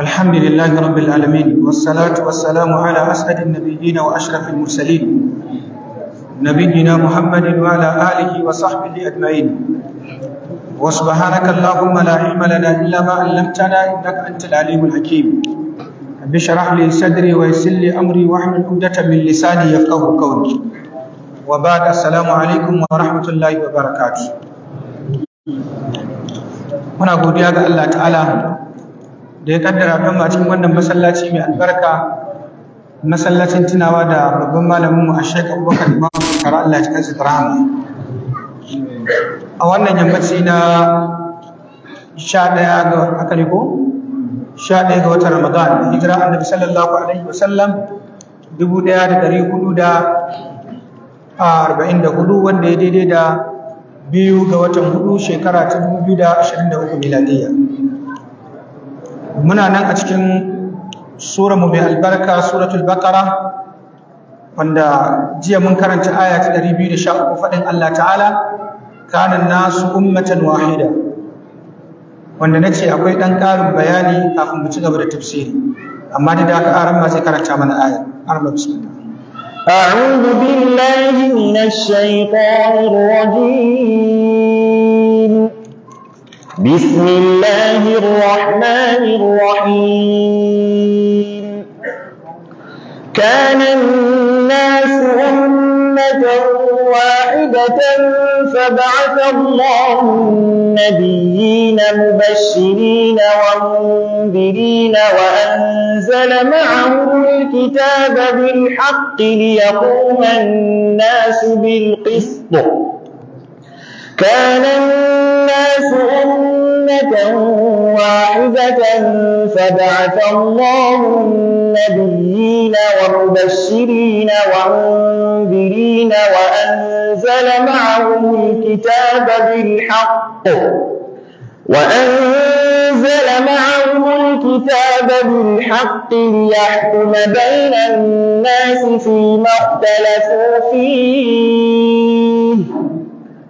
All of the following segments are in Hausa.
الحمد لله رب العالمين والصلاة والسلام على أسعد النبيين وأشرف المرسلين نبينا محمد وعلى آله وصحبه أجمعين وسبحانك اللهم لا علم لنا إلا ما علمتنا إنك أنت العليم الحكيم رب اشرح لي صدري ويسر لي أمري واحمل عقدة من لساني يفقهوا قولي وبعد السلام عليكم ورحمة الله وبركاته muna godiya ga Allah ta'ala da ya kaddara kan a cikin wannan masallaci mai albarka masallacin tunawa da babban malamin mu a Sheikh Abubakar Imam shekara Allah ya kansa hannu. a wannan yammaci na 11 ga akali ko 11 ga watan Ramadan hijira annabi sallallahu alaihi wasallam 1444 wanda ya daidai da biyu ga watan hudu shekara ta 2023 miladiyya muna nan a cikin sura mu mai albarka suratul baqara wanda jiya mun karanta aya ta 213 fadin Allah ta'ala kana nasu ummatan wahida wanda nace akwai dan karin bayani kafin mu ci gaba da tafsiri amma da da ƙaran ma sai karanta mana aya arma bismillah a'udhu billahi minash الشيطان الرجيم بسم الله الرحمن الرحيم كان الناس أمة واحدة فبعث الله النبيين مبشرين ومنذرين وأنزل معهم الكتاب بالحق ليقوم الناس بالقسط كان الناس أمة واحدة فبعث الله النبيين والمبشرين والمنذرين وأنزل معهم الكتاب بالحق وأنزل معهم الكتاب بالحق ليحكم بين الناس فيما اختلفوا فيه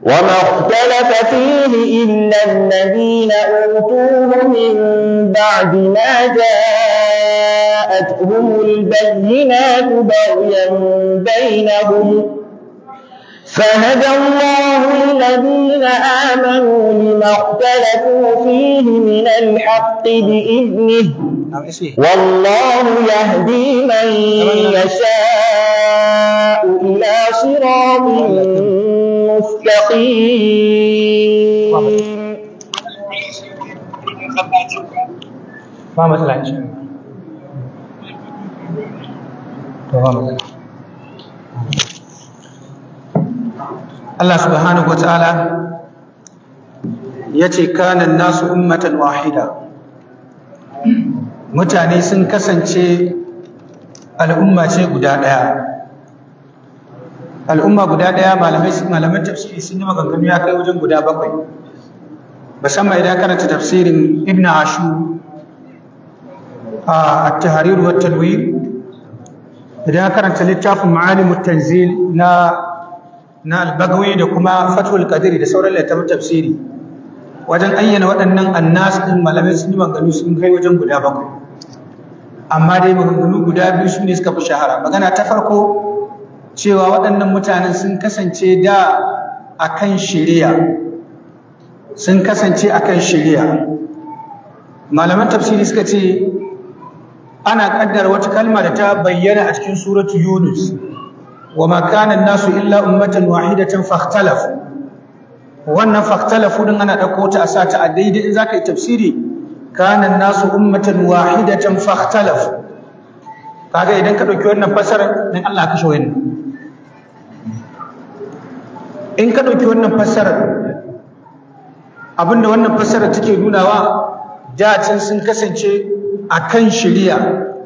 وما اختلف فيه إلا الذين أوتوه من بعد ما جاءتهم البينات بغيا بينهم فهدى الله الذين آمنوا لما اختلفوا فيه من الحق بإذنه نعم، والله يهدي من يشاء إلى صراط مستقيم ما Allah subhanahu wa ta'ala ya ce kanan nasu ummatan wahida mutane sun kasance al'umma ce guda ɗaya al'umma guda ɗaya malaman tafsiri sun yi maganganu ya kai wajen guda bakwai musamman idan karanta tafsirin ibn ashu a at-tahrir wa at-tanwir idan karanta littafin ma'alimut tanzil na na al-bagawi da kuma fatul qadiri da sauran littafin tafsiri wajen ayyana waɗannan annas din malamai sun yi maganganu sun kai wajen guda bakwai amma dai maganganu guda biyu su ne suka fi shahara magana ta farko cewa waɗannan mutanen sun kasance da akan shari'a sun kasance akan shari'a malaman tafsiri suka ce ana ƙaddara wata kalma da ta bayyana a cikin suratu yunus وما كان الناس إلا أمة واحدة فاختلف wannan fahtalafu din ana dauko ta a sata a daidai in zaka yi tafsiri kana nasu ummatan wahidatan fahtalaf kaga idan ka dauki wannan fasara din Allah ka shawo ni in ka dauki wannan fasara abinda wannan fasara take nunawa jacin sun kasance akan shari'a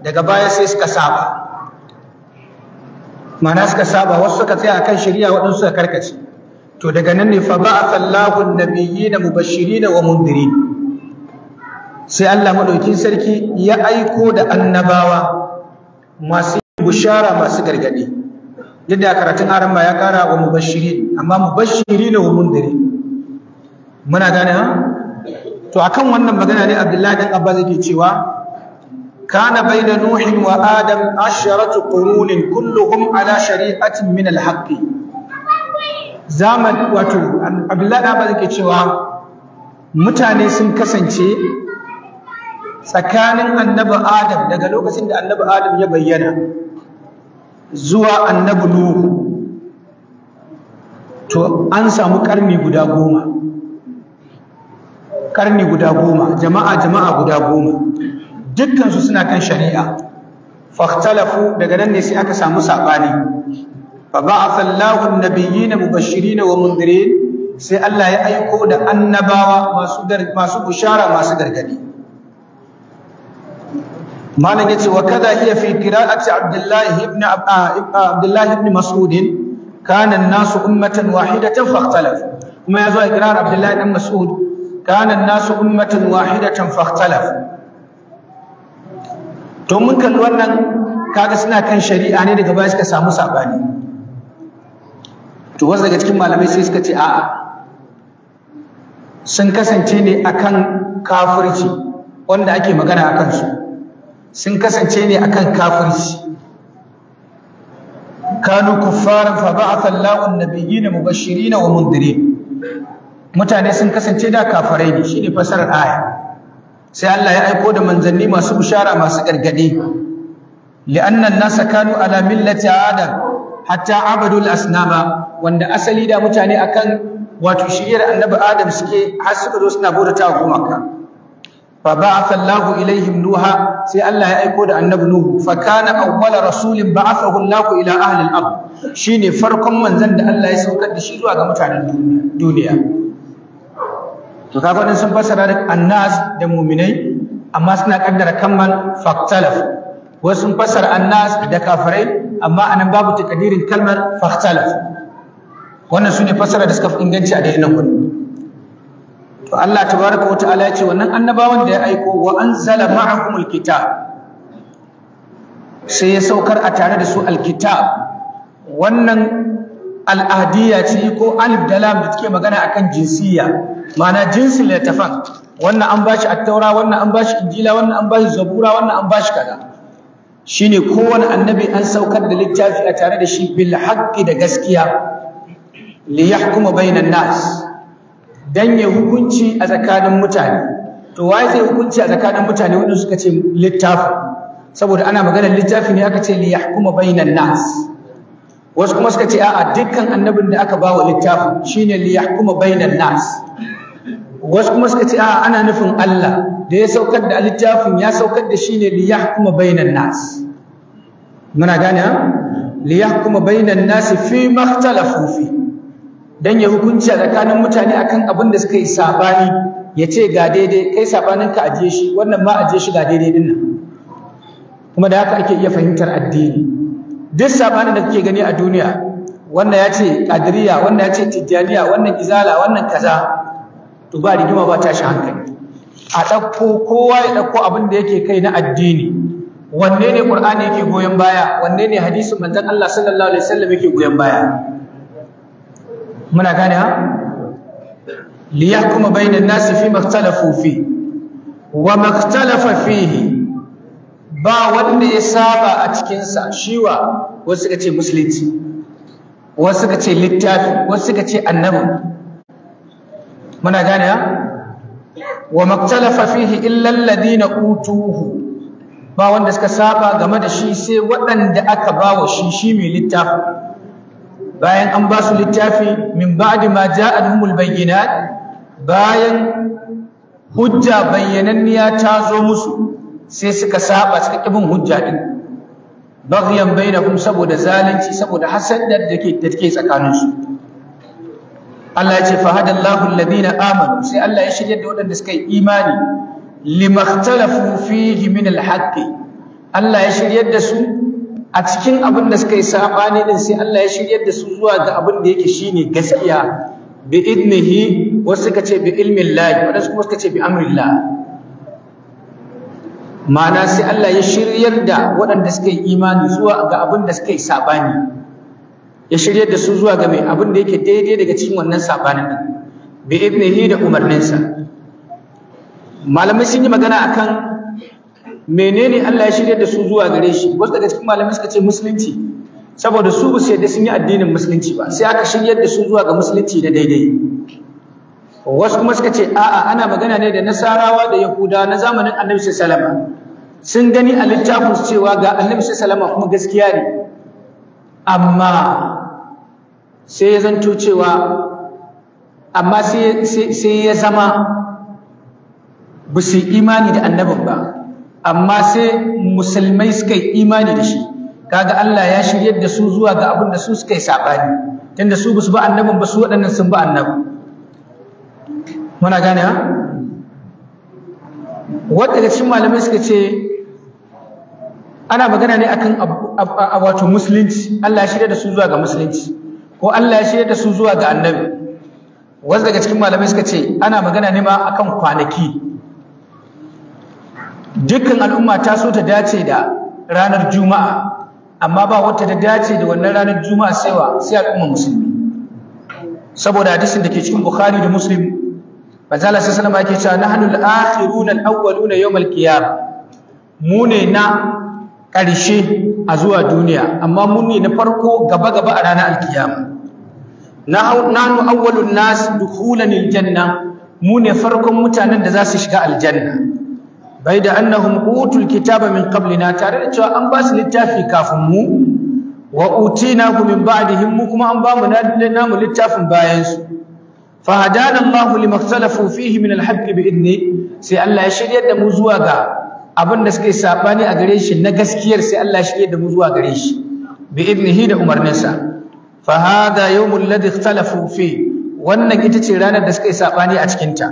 daga baya sai suka saba mana suka saba wasu suka tsaya akan shari'a waɗansu suka karkace to daga nan ne fa ba'atha Allahu na nabiyyin mubashirin wa mundirin sai Allah madaukin sarki ya aiko da annabawa masu bushara masu gargadi yadda karatun aran ba ya kara wa mubashiri amma mubashirin wa mundiri. muna gane ha to akan wannan magana ne Abdullahi dan Abbas yake cewa كان بين نوح وآدم عشرة قرون كلهم على شريعة من الحق زامن واتو عبد الله بن عباس yake cewa mutane sun kasance tsakanin annabi Adam daga lokacin da annabi Adam ya bayyana zuwa annabi Nuhu to an samu karni karni guda goma jama'a jama'a guda goma dukkansu suna kan shari'a fahtalafu daga nan ne sai aka samu sabani fa ba'atha Allahu an-nabiyyin mubashirin wa mundirin sai Allah ya aiko da annabawa masu masu bushara masu gargadi malam yace wa kaza hiya fi qira'ati Abdullah ibn ah, ah, Abdullah ibn Mas'ud kana an-nasu ummatan wahidatan fahtalafu kuma yazo ikrar Abdullah ibn Mas'ud kana an-nasu ummatan wahidatan fahtalafu to mun kalli wannan kaga suna kan shari'a ne daga baya suka samu sabani to wasu daga cikin malamai sai suka ce a'a sun kasance ne akan kafirci wanda ake magana a kansu sun kasance ne akan kafirci kanu kuffaran fa ba'atha Allahu an-nabiyyin mubashirin wa mundirin mutane sun kasance da kafirai ne shine fasarar aya sai Allah ya aiko da manzanni masu bishara masu gargadi li'annan nasa kanu ala millati adam hatta abadul asnama wanda asali da mutane akan wato shiyar annabi adam suke har suka zo suna bauta ta gumaka fa ba'atha Allahu ilaihim nuha sai Allah ya aiko da annabi nuhu fa kana awwal rasulin ba'athahu Allahu ila ahli al-ard shine farkon manzon da Allah ya saukar da shi zuwa ga mutanen duniya to kaga wannan sun fassara da annas da mu'minai amma suna kaddara kamman faktalaf wasu sun fassara annas da kafirai amma anan babu takadirin kalmar faktalaf wannan su fassara da suka fi inganci a daidai nan to Allah tabaraka wa ta'ala ya ce wannan annabawan da ya aiko wa anzala ma'akum alkitab sai ya saukar a tare da su alkitab wannan al'adiyya ce ko alif da lam da take magana akan jinsiyya ma'ana jinsin littafan wannan an bashi attaura wannan an bashi injila wannan an bashi zabura wannan an bashi kaza shine kowane annabi an saukar da littafi a tare da shi bil haqqi da gaskiya li yahkuma bainan nas dan ya hukunci a tsakanin mutane to waye zai hukunci a tsakanin mutane wanda suka ce littafi saboda ana maganar littafi ne aka ce li yahkuma bainan nas wasu kuma suka ce a'a dukkan annabin da aka bawa littafin shine li yahkuma bainan nas wasu kuma suka ce a ana nufin Allah da ya saukar da littafin ya saukar da shi ne liyahkuma bainan nas muna gane ha kuma bainan nas fi makhtalafu fufi. dan ya hukunci a tsakanin mutane akan abin da suka yi sabani ya ce ga daidai kai sabanin ka aje shi wannan ma aje shi ga daidai din nan kuma da haka ake iya fahimtar addini duk sabanin da kuke gani a duniya wannan ya ce kadiriya wannan ya ce tijjaniya wannan izala wannan kaza to ba rigima ba tashi hankali a ɗauko kowa ya ɗauko abin da yake kai na addini wanne ne qur'ani yake goyon baya wanne ne hadisin manzon Allah sallallahu alaihi wasallam yake goyon baya muna gane ha liyahkuma bainan nasi fi maktalafu fi wa maktalafa fihi ba wanda ya saba a cikin sa shiwa wasu kace musulunci wasu kace littafi wasu kace annabi muna gane wa maktalafa fihi illa alladhina utuhu ba wanda suka saba game da shi sai waɗanda aka bawa shi shi mai littafi bayan an ba su littafi min ba'di ma ja'alhumul bayyinat bayan hujja bayyananniya ta zo musu sai suka saba suka kibin hujja din baghyan bainakum saboda zalunci saboda hasadar da ke tsakaninsu Allah ya ce fahadallahu ladina amanu sai Allah ya shirye da waɗanda suka yi imani limakhtalafu fihi min alhaqqi Allah ya shirye da su a cikin abin da suka yi sabani din sai Allah ya shirye da su zuwa ga abin da yake shine gaskiya bi idnihi wasu suka ce bi ilmin lahi wadansu kuma suka ce bi amrillah ma'ana sai Allah ya shiryar da waɗanda suka yi imani zuwa ga abin da suka yi sabani ya shiryar da su zuwa ga mai abin da yake daidai daga cikin wannan sabanin nan bi ibnihi da umarninsa malamai sun yi magana akan menene Allah ya shirya da su zuwa gare shi wasu daga cikin malamai suka ce musulunci saboda su ba su yadda sun yi addinin musulunci ba sai aka shiryar da su zuwa ga musulunci da daidai wasu kuma suka ce a'a ana magana ne da nasarawa da yahuda na zamanin annabi sallallahu sun gani a littafin cewa ga annabi sallallahu kuma gaskiya ne amma sai ya zanto cewa amma sai ya zama ba imani da annabin ba amma sai musulmai suka yi imani da shi kaga Allah ya shiryar da su zuwa ga abin da su suka yi sabani tunda su basu ba annabin ba su waɗannan sun ba annabi muna gane ha wanda da cikin malamai suka ce ana magana ne akan wato musulunci Allah ya shirya da su zuwa ga musulunci ko Allah ya shirya da su zuwa ga annabi wasu daga cikin malamai suka ce ana magana ne ma akan kwanaki dukkan al'umma ta so ta dace da ranar juma'a amma ba wata ta dace da wannan ranar juma'a saiwa sai al'umma musulmi saboda hadisin da ke cikin bukhari da muslim sallallahu sai wasallam yake cewa nahnu al-akhiruna al-awwaluna yawm al-qiyamah mu na ƙarshe a zuwa duniya amma muni na farko gaba gaba a ranar alkiyama nanu awwalun nas dukhulan aljanna mu ne farkon mutanen da za su shiga aljanna bai da annahum utul kitaba min qablina tare da cewa an ba su littafi kafin mu wa utinahu min ba'dihim mu kuma an ba mu namu littafin bayan su fa hadana Allah limaktalafu fihi min alhaqq bi idni sai Allah ya shiryar da mu zuwa ga abin da suka yi sabani a gare shi na gaskiyar sai Allah shi da mu zuwa gare shi bi ibnihi da umarninsa fa hada yawmul ladhi ikhtalafu fi wannan ita ce ranar da suka yi sabani a cikin ta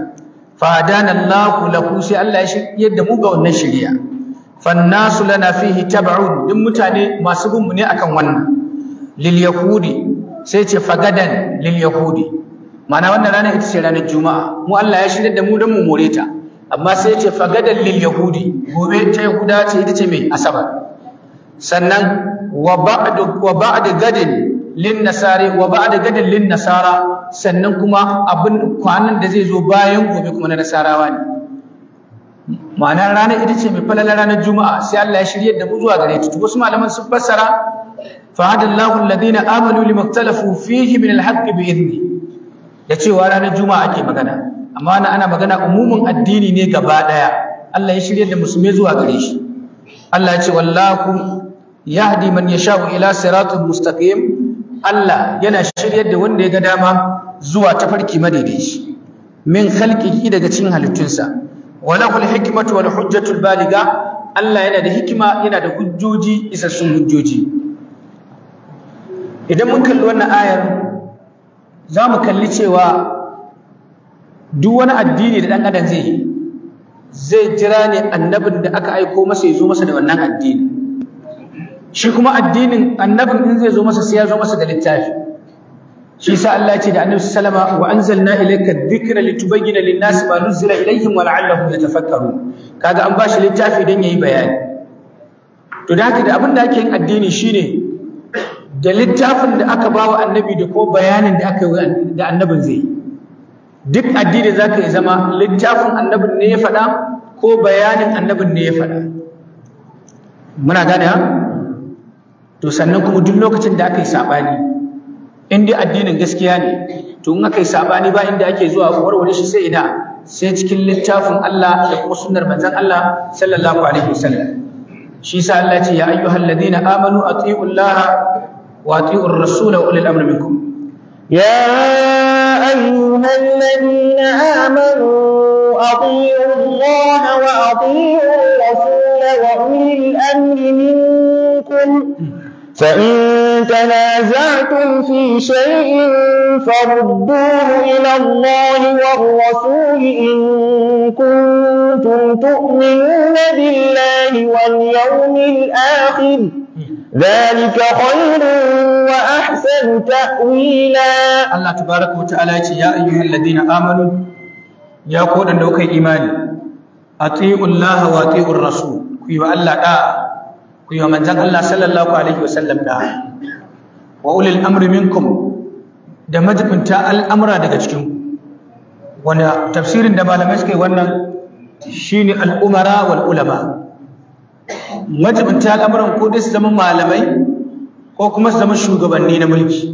fa dana Allah lahu sai Allah ya shirye da mu ga wannan shirya. fan nasu lana fihi tab'un din mutane masu bin ne akan wannan lil yahudi sai ce fagadan lil yahudi ma'ana wannan rana ita ce ranar juma'a mu Allah ya shirye da mu don mu more ta amma sai ce fagadan lil yahudi gobe ta yahuda ce ita ce mai asabar sannan wa ba'du wa ba'du gadin lin nasari wa gadin lin nasara sannan kuma abin kwanan da zai zo bayan gobe kuma na nasarawa ne ma'anar ranar ita ce mai falalar ranar juma'a sai Allah ya shirya da mu zuwa gare ta wasu malaman sun fassara فهدى الله الذين آمنوا لما اختلفوا فيه من الحق بإذنه da cewa ranar juma'a ake magana amma ana magana umumin addini ne gaba daya Allah ya shirya da Musulmi zuwa gare shi Allah ya ce wallahu yahdi man yasha'u ila siratul mustaqim Allah yana shiryar da wanda ya ga dama zuwa ta tafarki madaidaici min khalqihi daga cikin halittunsa walahu hikmatu wal hujjatul baliga Allah yana da hikima yana da hujjoji isassun hujjoji idan mun kalli wannan ayar za mu kalli cewa duk wani addini da ɗan adam zai yi zai jira ne annabin da aka aiko masa ya zo masa da wannan addini shi kuma addinin annabin in zai zo masa sai ya zo masa da littafi shi sa Allah ya ce da annabi sallama wa anzalna ilayka dhikra litubayyana lin-nas ma nuzila ilayhim wa la'allahum yatafakkarun kaga an bashi littafi dan yayi bayani to da haka da abin da ake yin addini shine da littafin da aka bawa annabi da ko bayanin da aka yi da annabin zai yi duk addini za ka yi zama littafin annabin ne ya faɗa ko bayanin annabin ne ya faɗa muna gane ha to sannan kuma duk lokacin da aka yi saɓani in addinin gaskiya ne to in aka yi saɓani ba inda ake zuwa warware shi sai ina sai cikin littafin Allah da kuma sunnar manzon Allah sallallahu alaihi wasallam shi sa Allah ce ya ayyuhal ladina amanu atiiu Allah wa atiiu rasula ulil amri minkum ya أيها الذين آمنوا أطيعوا الله وأطيعوا الرسول وأولي الأمر منكم فإن تنازعتم في شيء فردوه إلى الله والرسول إن كنتم تؤمنون بالله واليوم الآخر ذلك خير وأحسن تأويلا الله تبارك وتعالى يا أيها الذين آمنوا يا قول أن دوك إيماني أطيعوا الله وأطيعوا الرسول كي الله دا كي من زن الله صلى الله عليه وسلم دا وأولي الأمر منكم da majibinta al'amura daga cikin wanda tafsirin da malamai suke wannan shine al'umara wal ulama majibinta al'amuran ko dai su zama malamai ko kuma su zama shugabanni na mulki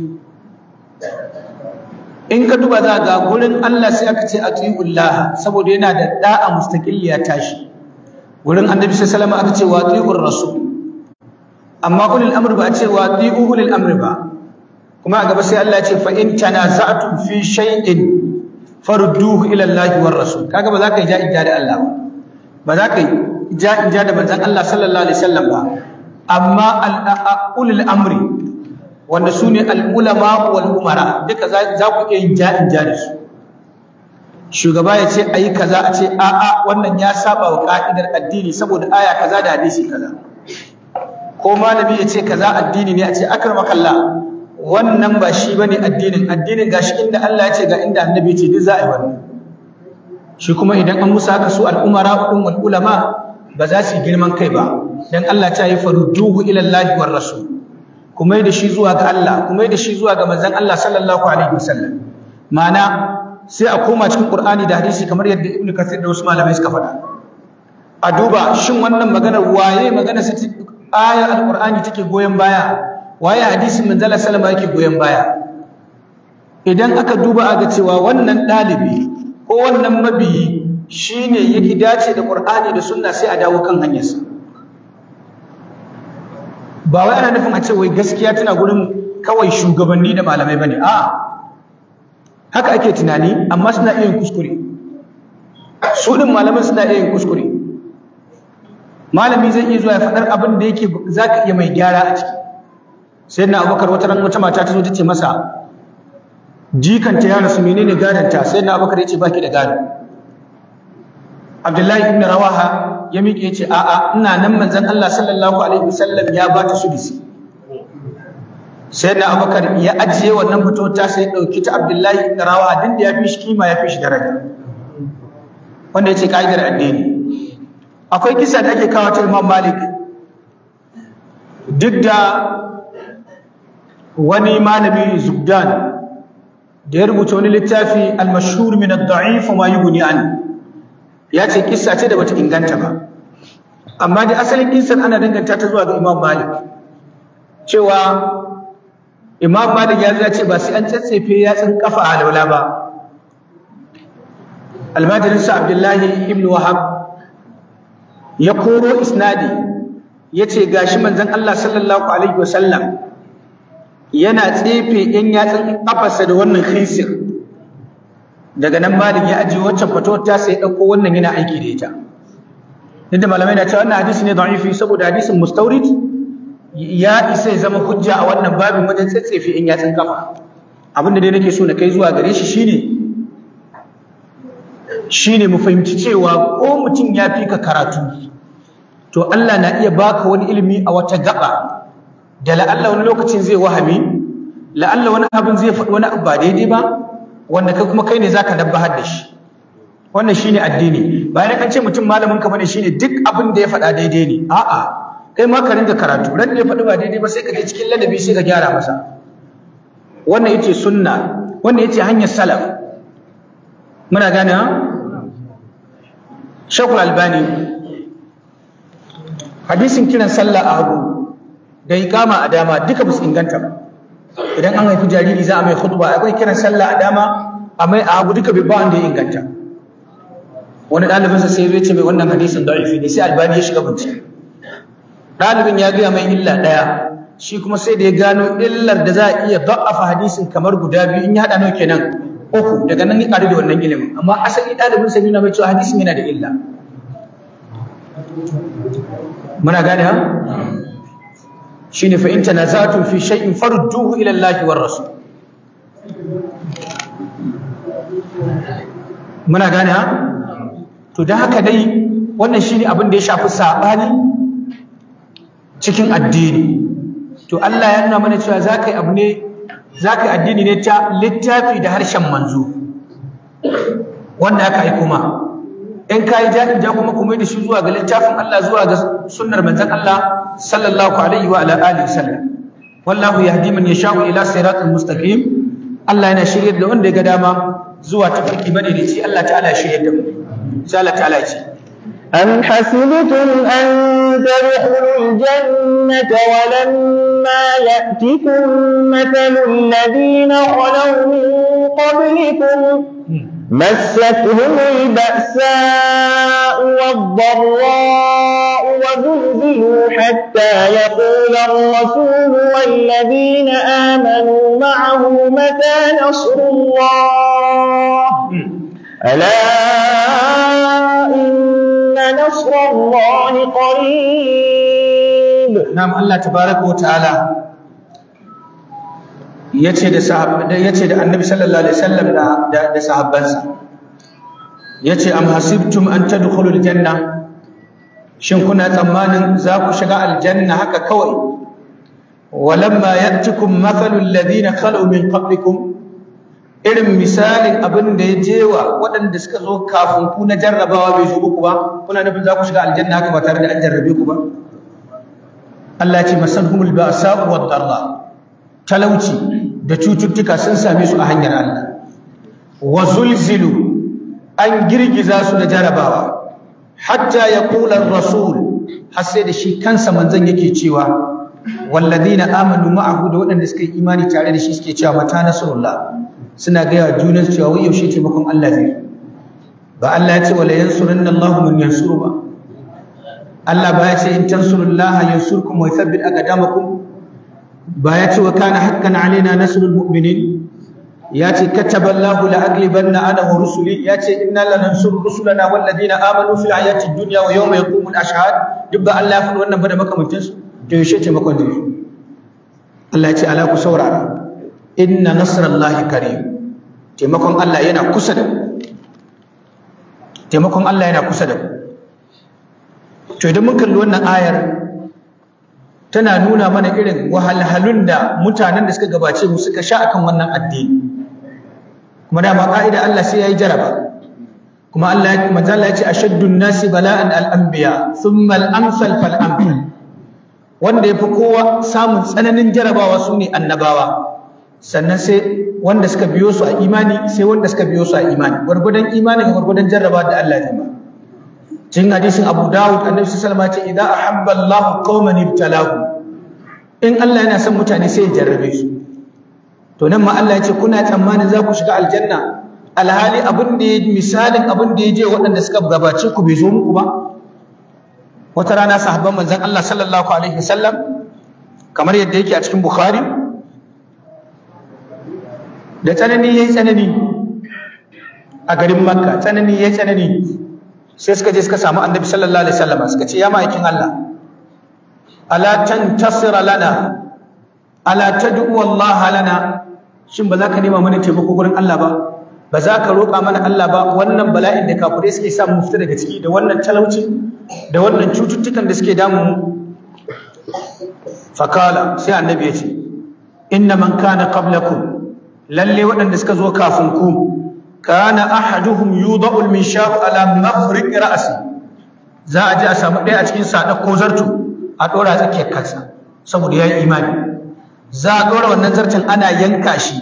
in ka duba za ga gurin Allah sai aka ce a atiyullah saboda yana da da'a mustaqilliya tashi gurin annabi sai salama aka ce wa atiyur rasul amma ulul amr ba a ce wa atiyul ulul amr ba kuma a gaba sai Allah ya ce fa in tanaza'tum fi shay'in farudduhu ila Allah war rasul kaga ba za ka yi ja'ida da Allah ba ba za ka ja ja da manzan Allah sallallahu alaihi wasallam ba amma al'ulul amri wanda su ne al'ulama wal umara duka za ku iya yin ja'in ja da su shugaba ya ce ayi kaza a ce a'a wannan ya saba wa ka'idar addini saboda aya kaza da hadisi kaza ko malami ya ce kaza addini ne a ce makalla wannan ba shi bane addinin addinin gashi inda Allah ya ce ga inda annabi ce duk za a yi wannan shi kuma idan an musa haka su al'umara ɗin wani ulama ba za su yi girman kai ba don Allah ta yi faru ila Allah war rasu kuma da shi zuwa ga Allah kuma da shi zuwa ga mazan Allah sallallahu alaihi wasallam ma'ana sai a koma cikin Qur'ani da hadisi kamar yadda Ibn kasir da wasu malamai suka faɗa a duba shin wannan maganar waye magana sai ayar alqur'ani take goyon baya waye hadisin manzon Allah sallallahu alaihi wasallam yake goyon baya idan aka duba aga cewa wannan ɗalibi ko wannan mabiyi ne yake dace da ƙur'ani da suna sai a dawo kan hanyarsa ba wai ana nufin a ce wai gaskiya tana gurin kawai shugabanni da malamai ba ne, a haka ake tunani amma suna iya yin kuskure su din suna iya yin kuskure malami zai iya zuwa ya faɗar abin da yake ka iya mai gyara a ciki sai na abokar wata ran wata mata ta zo ta ce masa jikanta ya rasu menene gadanta sai na abubakar ya ce baki da gado abdullahi ibn rawaha ya miƙe ya ce a'a ina nan manzon Allah sallallahu alaihi wasallam ya ba ta bisi sai na abubakar ya ajiye wannan fito ta sai dauki ta abdullahi ibn rawaha din da ya fi shi kima ya fi shi daraja wanda ya ce ka'idar addini akwai kisa da ake kawo ta imam malik duk da wani malami zubdan da ya rubuta wani littafi al-mashhur min ad-da'if wa yughni an ya ce kissa ce da bata inganta ba amma da asalin kissa ana danganta ta zuwa ga Imam Malik cewa Imam Malik ya ce ba sai an tsatsefe yatsun kafa a laula ba al Abdullahi ibn Wahab ya koro isnadi yace gashi manzon Allah sallallahu alaihi wasallam yana tsefe yan yatsun kafarsa da wannan khinsir daga nan malin ya ajiye waccan fato ta sai dauko wannan yana aiki da ita inda malamai na cewa wannan hadisi ne da'ifi saboda hadisin mustawrid ya isa zama hujja a wannan babin wajen tsetsefe in yatsun kafa abin da dai nake so na kai zuwa gare shi shine shine mu fahimci cewa ko mutum ya fika karatu to Allah na iya baka wani ilimi a wata gaba da la'alla wani lokacin zai wahami la'alla wani abin zai faɗi wani abu ba daidai ba wanda kai kuma kai ne zaka dabbahar da shi wannan shine addini bayan kan ce mutum malamin ka bane shine duk abin da ya faɗa daidai ne a'a kai ma ka ringa karatu ran ne faɗi ba daidai ba sai ka je cikin ladabi sai ka gyara masa wannan yace sunna wannan yace hanyar salaf muna gane ha Shakul Albani hadisin kiran sallah a hagu da kama a dama duka ba inganta ba idan an haifi jariri za a mai khutba akwai kiran sallah a dama a mai a abu duka bai da ya inganta wani ɗalibinsa sai ya ce mai wannan hadisin da ne sai albani ya shiga bincike ɗalibin ya gaya mai illa ɗaya shi kuma sai da ya gano illar da za a iya ba'afa hadisin kamar guda biyu in ya haɗa nawa kenan uku daga nan ya ƙaru da wannan ilimin amma asali ɗalibin sai nuna mai cewa hadisin yana da illa muna gane ha shine fa in tanaza'tum fi shay'in farudduhu ila Allahi war rasul muna gane ha to da haka dai wannan shine abin da ya shafi sabani cikin addini to Allah ya nuna mana cewa za abu ne zakai addini ne ta littafi da harshen manzo wanda aka yi kuma. in kai yi jani ja kuma kuma da shi zuwa ga littafin Allah zuwa ga sunnar manzon Allah sallallahu alaihi wa ala alihi sallam wallahu yahdi man yasha'u ila siratal mustaqim Allah yana shiryar da wanda ya ga dama zuwa tafarki ce Allah ta'ala ya shiryar da mu sai Allah ta'ala ya ce أم حسبتم أن تدخلوا الجنة ولما يأتكم مثل الذين خلوا من قبلكم مستهم البأساء والضراء وزلزلوا حتى يقول الرسول والذين آمنوا معه متى نصر الله ألا إن إن نصر الله قريب نعم الله تبارك وتعالى yace da sahab yace da annabi sallallahu alaihi wasallam da da sahabbansa yace am hasibtum an tadkhulul janna shin kuna tsammanin za ku shiga aljanna haka kawai walamma yatikum mathalul ladina khalu min qablikum irin misalin abin da ya wa waɗanda suka zo kafin ku na jarrabawa bai zo uku ba kuna nufin za ku shiga aljanna haka ba tare da an jarrabe ku ba Allah ce masalhumul ba'sa wa darra talauci da cututtuka sun same su a hanyar Allah wa zulzilu an girgiza su da jarrabawa hatta ya kular rasul har sai da shi kansa manzon yake cewa walladina amanu ma'ahu da waɗanda suka yi imani tare da shi suke cewa mata nasrullah suna gaya wa juna cewa wai yaushe taimakon Allah zai ba Allah ya ce wala yansurun Allah mun yansuru ba Allah ba ya ce in tansurullah yansurkum wa yuthabbit aqdamakum ba ya ce wa kana haqqan alaina nasrul mu'minin ya ce kataballahu la aglibanna ana wa rusuli ya ce inna lanansuru rusulana wal ladina amanu fil hayati dunya wa yawma yaqumul ashhad duk ba Allah ya faɗi wannan ba da makamantin su to yaushe taimakon zai Allah ya ce ala ku saurara inna nasrallahi kare taimakon Allah yana kusa da taimakon Allah yana kusa da to idan mun kalli wannan ayar tana nuna mana irin wahalhalun da mutanen da suka gabace mu suka sha akan wannan addini kuma dama ka'ida Allah sai yayi jaraba kuma Allah manzo Allah ya ce ashaddun nasi bala'an al-anbiya thumma al-amsal fal-amsal wanda yafi kowa samun tsananin jarabawa sune annabawa sannan sai wanda suka biyo su a imani sai wanda suka biyo su a imani gwargwadon imanin gwargwadon jarraba da Allah ne ba cikin hadisin Abu Dawud annabi sallallahu alaihi wasallam ce idan ahabba Allah qauman ibtalahu in Allah yana son mutane sai ya jarrabe su to nan ma Allah ya ce kuna tsammanin za ku shiga aljanna alhali abin da ya misalin abin da ya je waɗanda suka gabace ku bai zo muku ba wata rana sahabban manzon Allah sallallahu alaihi wasallam kamar yadda yake a cikin Bukhari da tsanani ya yi tsanani a garin makka tsanani ya yi tsanani sai suka je suka samu annabi sallallahu alaihi wasallam suka ce ya ma'aikin Allah ala tasira lana ala tad'u Allah lana shin ba za ka nema mana taimako gurin Allah ba ba za ka roƙa mana Allah ba wannan bala'in da kafirai suke sa mu fita daga ciki da wannan talauci da wannan cututtukan da suke damu mu fakala sai annabi ya ce inna man kana qablakum lalle waɗanda suka zo kafin ku kana ahaduhum yudau al-minshaq ala mafriq ra'si za a je a samu ɗaya a cikin saɗa ko zarto a dora tsakiyar kansa saboda yi imani za a dora wannan zartin ana yanka shi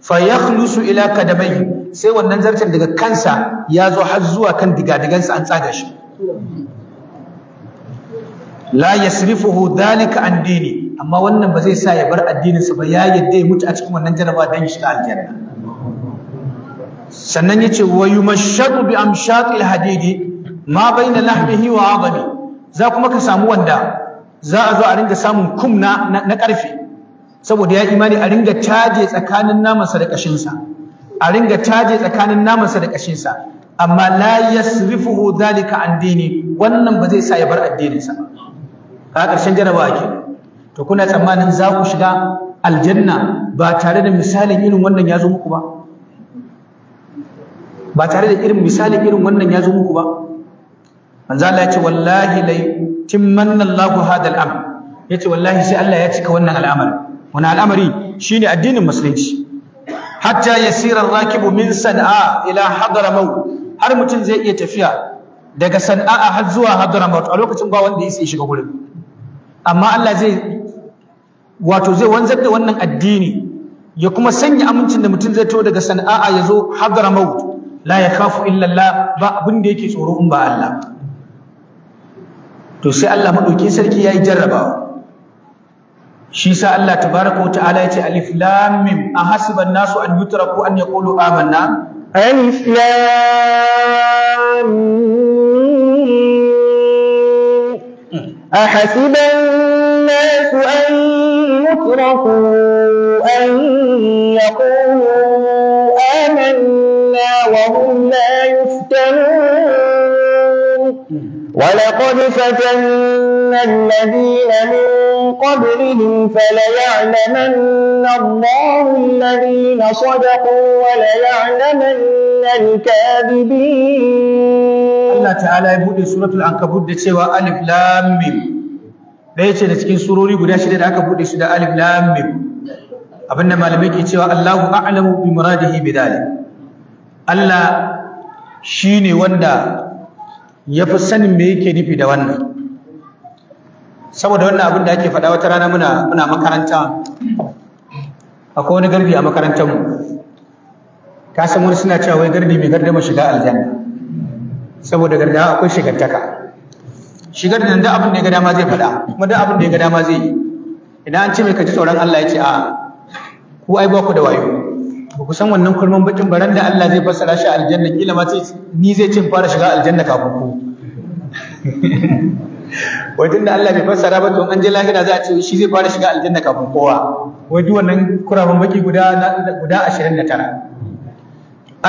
fa yakhlusu ila mai, sai wannan zartin daga kansa ya zo har zuwa kan digadigansa an tsaga shi la yasrifuhu dhalika an dini amma wannan ba zai sa ya bar addininsa ba ya yadda ya mutu a cikin wannan jarabawa don ya shiga aljanna sannan ya ce wa bi amshaqil hadidi ma baina lahmihi wa 'azami za kuma ka samu wanda za a zo a ringa samun kum na na karfe saboda ya imani a ringa caje tsakanin namansa da kashinsa a ringa taje tsakanin namansa da kashinsa amma la yasrifuhu dhalika an dini wannan ba zai sa ya bar addininsa ba ka karshen jarabawa kenan to kuna tsammanin za ku shiga aljanna ba tare da misalin irin wannan ya zo muku ba ba tare da irin misalin irin wannan ya zo muku ba manzo Allah ya ce wallahi lai timmanna Allahu hadal ya yace wallahi sai Allah ya cika wannan al'amari wani al'amari shine addinin musulunci hatta yasira rakibu min san'a ila hadramaut har mutum zai iya tafiya daga san'a har zuwa hadramaut a lokacin ba wanda ya sai shiga gurin amma Allah zai wato zai wanzar da wannan addini ya kuma sanya amincin da mutum zai to daga sana'a ya zo maut la ya kafu illallah ba abin da yake tsoro in ba Allah to sai Allah madauki sarki yayi jarrabawa shi sa Allah tabaraka wa ta'ala yace alif lam mim ahasiban nasu an yutraku an yaqulu amanna alif lam mim ahasiban nasu an يكرهوا أن يقولوا آمنا وهم لا يفتنون ولقد فتنا الذين من قبلهم فليعلمن الله الذين صدقوا وليعلمن الكاذبين الله تعالى يقول سورة العنكبوت سوى ألف لام ميم ɗaya ce da cikin surori guda shida da aka buɗe shi da alif lam mim abinda malamai ke cewa Allahu a'lamu bi muradihi bi dalik Allah shine wanda ya fi sanin me yake nufi da wannan saboda wannan abin da ake faɗa wata rana muna muna makaranta akwai wani garbi a makarantar mu ka san wani suna cewa wai garbi mai gardama shiga aljanna saboda gardawa akwai shigartaka shigar da duk abin da ya ga dama zai faɗa kuma duk abin da ya ga dama zai yi idan an ce mai kaji tsoron Allah ya ce a ku ai ba ku da wayo ba ku san wannan kurmin bakin baran da Allah zai fassara shi aljanna kila ma sai ni zai ce fara shiga aljanna kafin ku wajen da Allah bai fassara ba to an je lahira za a ce shi zai fara shiga aljanna kafin kowa wai duk wannan kurabun baki guda guda 29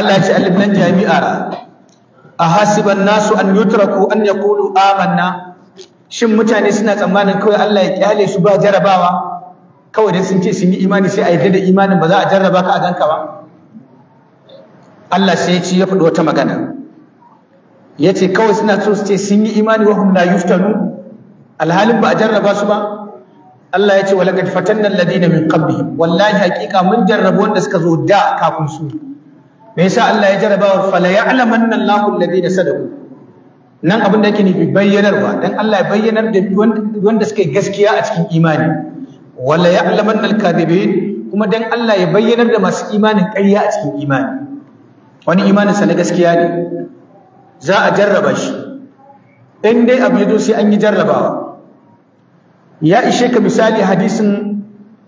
Allah ya ce alif nan jami'a a hasiban nasu an yutraku an yaqulu amanna shin mutane suna tsammanin kawai Allah ya kyale su ba jarabawa kawai dai sun ce sun yi imani sai a yarda da imanin ba za a jarraba ka a ganka ba Allah sai ya ci ya faɗi wata magana ya ce kawai suna so su ce sun yi imani wa hum la yuftanu alhalin ba a jarraba su ba Allah ya ce wa laqad fatanna alladhina min qablihim wallahi haqiqa mun jarraba wanda suka zo da kafin su me yasa Allah ya jaraba fala ya'lamanna Allahu alladhina sadaqu nan abin da yake nufi bayyanarwa dan Allah ya bayyanar da wanda suka yi gaskiya a cikin imani wala ya'lamanna al-kadhibin kuma dan Allah ya bayyanar da masu imanin ƙarya a cikin imani wani imanin sa na gaskiya ne za a jarraba shi in dai abu ya zo sai an yi jarrabawa ya ishe ka misali hadisin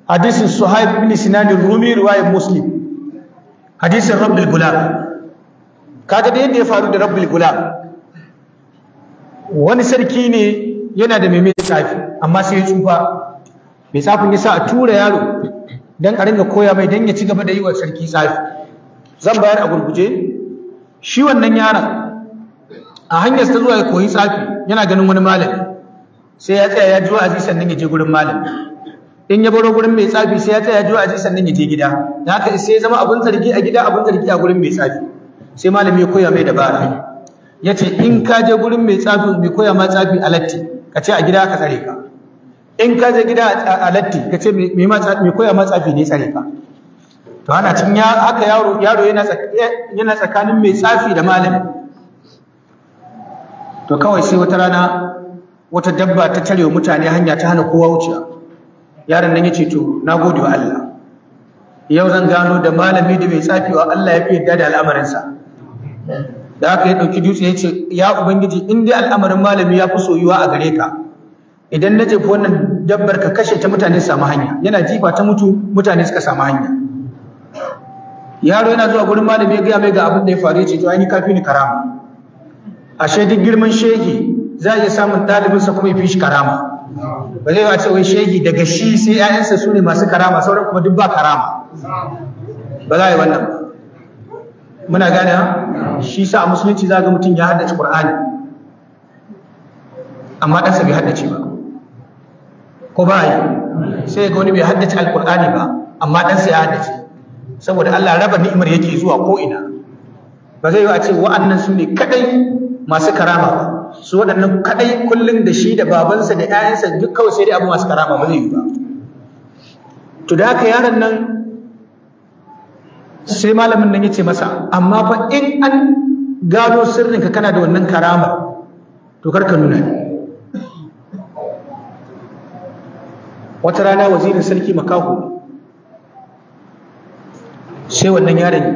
hadisin Suhaib bin Sinan rumi riwayat Muslim hadisin Rabbil gulam kaga da yadda ya faru da Rabbil gulam wani sarki ne yana da mai tsafi amma sai ya tsufa mai tsafin ya sa a tura yaro dan a ringa koya mai dan ya ci gaba da yi wa sarki tsafi zan bayar a gurguje shi wannan yaron a hanyar ta zuwa ya koyi tsafi yana ganin wani malami sai ya tsaya ya ji wa wa'azi sannan ya je gurin malami in ya baro gurin mai tsafi sai ya tsaya jiwa jisan sannan ya je gida da haka sai ya zama abun zargi a gida abun tsarki a gurin mai tsafi sai malami ya koya mai dabara ya ce in ka je gurin mai tsafi mai koya ma tsafi a latti ka ce a gida ka tsare ka in ka je gida a latti ka ce mai koya ma tsafi ne tsare ka to ana cin haka yaro yaro yana tsakanin mai tsafi da malami to kawai sai wata rana wata dabba ta tare mutane hanya ta hana kowa wucewa yaron nan ya ce to na gode wa Allah yau zan gano da malami da mai tsafi wa Allah ya fi yadda da al'amarinsa da aka yi ɗauki dutse ya ce ya ubangiji in dai al'amarin malami ya fi soyuwa a gare ka idan na jefi wannan dabbar ka kashe ta mutane su samu hanya yana jifa ta mutu mutane suka samu hanya yaro yana zuwa gurin malami ya gaya mai ga abin da ya faru ya ce to yi kafi ni karama ashe duk girman shehi za a iya samun ɗalibinsa kuma ya fi shi karama ba zai ba ce wai shegi daga shi sai ƴaƴansa su ne masu karama sauran kuma duk ba karama ba za a yi wannan muna gane shi sa a musulunci za ga mutum ya haddace qur'ani amma ɗansa bai haddace ba ko ba yi sai ga wani bai haddace alqur'ani ba amma ɗansa ya haddace saboda Allah raba ni'imar yake zuwa ko ina ba zai yi a ce wa'annan su ne kaɗai masu karama ba su waɗannan kaɗai kullum da shi da babansa da 'ya'yansa duk kawai sai dai abu masu karama ba zai ba to da haka yaron nan sai malamin nan ya ce masa amma fa in an gano sirrinka kana da wannan karama to kar nuna ni wata rana wazirin sarki makaho sai wannan yaron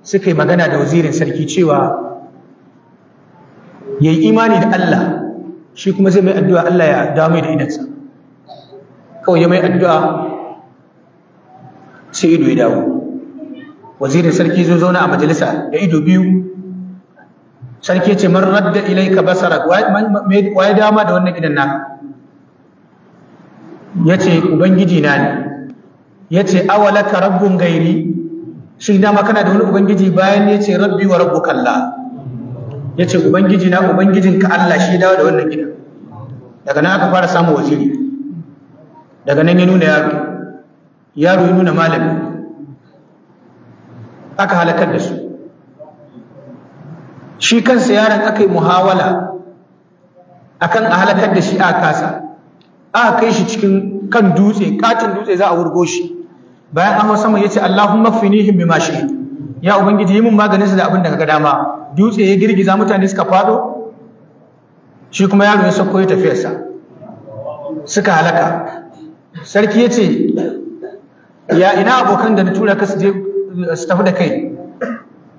suka yi magana da wazirin sarki cewa ya yi imani da Allah shi kuma zai mai addu'a Allah ya damu da idansa kawai ya mai addu'a sai ido ya dawo wazirin sarki zo zauna a majalisa da ido biyu sarki ce man radda ilaika basara wa ya dama da wannan idan naka ya ce ubangiji na ne ya ce awalaka rabbun gairi shi dama kana da wani ubangiji bayan ya ce rabbi wa rabbu kalla ya ce ubangiji na ubangijin ka Allah shi dawo da wannan gida daga nan aka fara samun waziri daga nan ya nuna yaro yaro ya nuna malami aka halakar da su shi kansa yaron aka yi muhawala akan a halakar da shi a kasa aka kai shi cikin kan dutse katin dutse za a wurgo shi bayan an hau sama ya ce Allahumma finihim bima shi'it ya ubangiji yi mun maganinsa da abin da kaga dama dutse ya girgiza mutane suka fado shi kuma yaro ya sauko ya tafiyarsa suka halaka sarki ya ce ya ina abokan da na tura ka su je su tafi da kai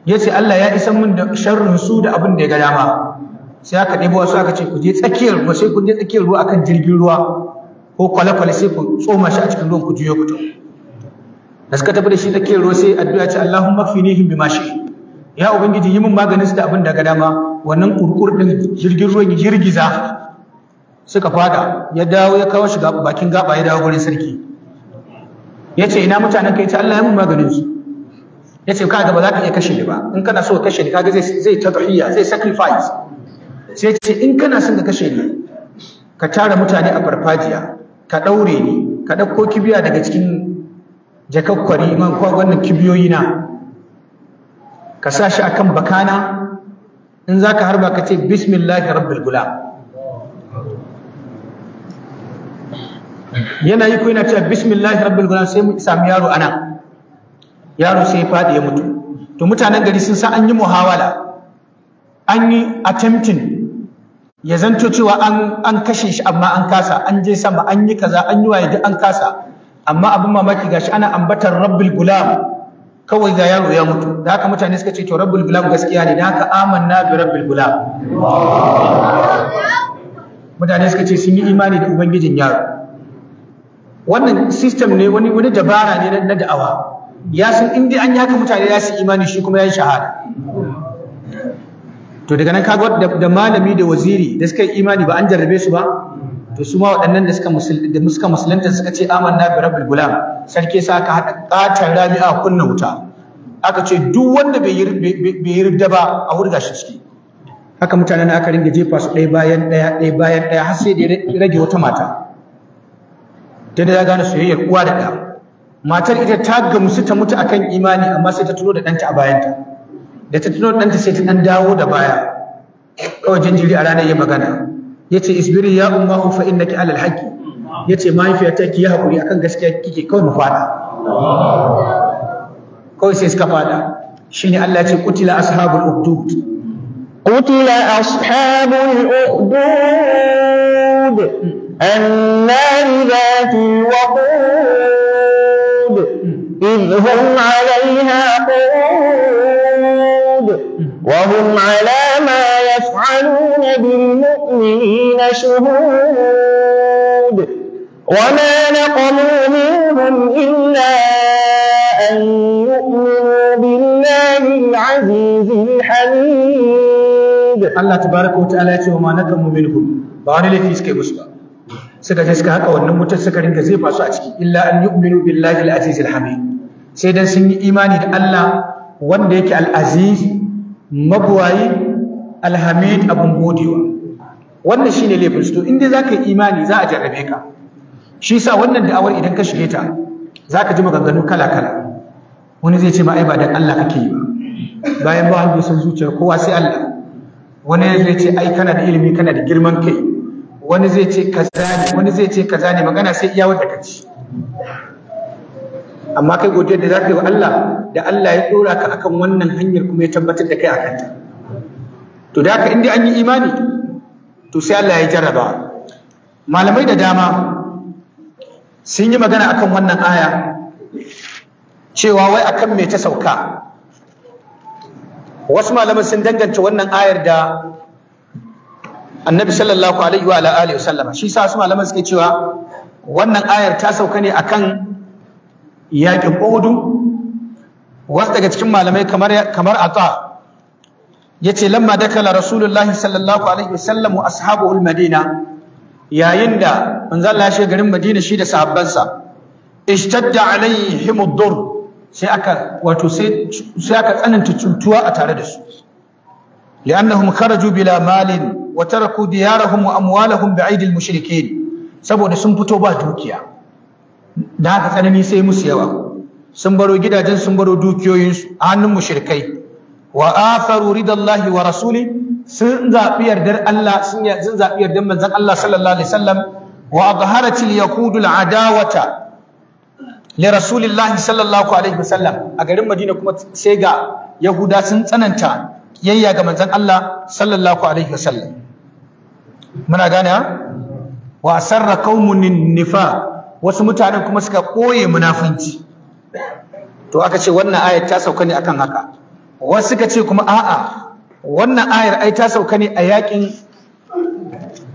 ya ce Allah ya isan mun da sharrin su da abin da ya ga dama sai aka ɗebo wasu aka ce ku je tsakiyar ruwa sai ku je tsakiyar ruwa akan jirgin ruwa ko kwale-kwale sai ku tsoma shi a cikin ruwan ku juyo ku tafi da suka tafi da shi take kero sai addu'a ce Allahumma kfinihim bima shi ya ubangiji yi min maganin su da abin da ga dama wannan kurkur din jirgin ruwan girgiza suka fada ya dawo ya kawo shi bakin gaba ya dawo gurin sarki ya ce ina mutanen ka ya Allah ya mun magani su ya ce ga ba za ka iya kashe ni ba in kana so ka kashe ni kaga zai zai tadhiya zai sacrifice sai ce in kana son ka kashe ni ka tara mutane a farfajiya ka daure ni ka dauko kibiya daga cikin jakakkwari man kwa wannan kibiyoyi na ka sa shi akan bakana in za ka harba ka ce bismillahi rabbil gula yana yi ko yana cewa bismillahi rabbil gula sai mu sami yaro ana yaro sai faɗi ya mutu to mutanen gari sun san an yi muhawala an yi attempting ya zanto cewa an kashe shi amma an kasa an je sama an yi kaza an yi waye duk an kasa amma abin mamaki gashi ana ambatar rabbul gulam kawai ga yaro ya mutu da haka mutane suka ce to rabbul gulam gaskiya ne da haka amanna bi rabbul gulam mutane suka ce sun yi imani da ubangijin yaro wannan system ne wani wani dabara ne na da'awa ya san in dai an yi haka mutane ya su imani shi kuma ya yi shahada to daga nan kaga da malami da waziri da suka yi imani ba an jarrabe su ba to su ma waɗannan da suka da suka musulunta suka ce amanna bi rabbil gulam sarki sa ka hada katar rabi'a kunna wuta aka ce duk wanda bai yi ridda ba a wurga shi ciki haka mutanen aka ringa jefa su ɗaya bayan ɗaya ɗaya bayan ɗaya har sai da ya rage wata mata ta da ya gane soyayyar uwa da ɗa matar ita ta gamsu ta mutu akan imani amma sai ta tuno da ɗanta a bayanta da ta tuno da ɗanta sai ta ɗan dawo da baya kawai jinjiri a ranar yin magana yace isbiri ya ummahu fa innaki ala alhaqi yace mahaifiyata ki hakuri akan gaskiya kike kawai mu fada kawai sai suka fada shine Allah ya ce qutila ashabul uqdud qutila ashabul uqdud annar zati waqud idh hum 'alayha qud wa hum 'ala ma يفعلون بالمؤمنين شهود وما نقموا منهم إلا أن يؤمنوا بالله العزيز الحميد الله تبارك وتعالى وما نقموا منهم بارل في سكي suka je suka haka wannan mutum suka ringa zefa a ciki illa an yu'minu billahi al-aziz al-hamid sai dan sun yi imani da Allah wanda yake al-aziz mabuwayi alhamid abun godewa wannan shine laifin su to in dai zaka yi imani za a jarrabe ka shi yasa wannan da'awar idan ka shige ta zaka ji maganganu kala kala wani zai ce ma ai ba dan Allah kake yi ba bayan ba halin san zuciyar kowa sai Allah wani zai ce ai kana da ilimi kana da girman kai wani zai ce kaza ne wani zai ce kaza ne magana sai iya wanda kace amma kai godiya da zaka yi wa Allah da Allah ya dora ka akan wannan hanyar kuma ya tabbatar da kai akan ta to da haka inda an yi imani to sai Allah ya jarraba malamai da dama sun yi magana akan wannan aya cewa wai akan me ta sauka wasu malamai sun danganta wannan ayar da annabi sallallahu alaihi wa alihi wasallama shi sa su malaman suke cewa wannan ayar ta sauka ne akan yakin Uhud wasu daga cikin malamai kamar kamar Ata yace lamma dakala rasulullahi sallallahu alaihi wasallam wa ashabu almadina yayin da manzo Allah shiga garin Madina shi da sahabbansa ishtadda alaihim ad-dur sai aka wato sai aka tsananta cutuwa a tare da su li'annahum kharaju bila malin wa taraku diyarahum wa amwalahum bi'aidi al-mushrikeen saboda sun fito ba dukiya da aka tsanani sai musu yawa sun baro gidajen sun baro dukiyoyinsu a hannun mushrikai wa atharu ridallahi wa rasuli sun zaɓi yardar Allah sun zabi yardar manzon Allah sallallahu alaihi wasallam wa azharat al-yahud al-adawata li rasulillahi sallallahu alaihi wasallam a garin Madina kuma sai ga Yahuda sun tsananta kiyayya ga manzon Allah sallallahu alaihi wasallam muna gane wa sarra qaumun nifa wasu mutanen kuma suka koye munafunci to aka ce wannan ayat ta sauka ne akan haka wasu suka ce kuma a'a wannan ayar ai ta sauka ne a yakin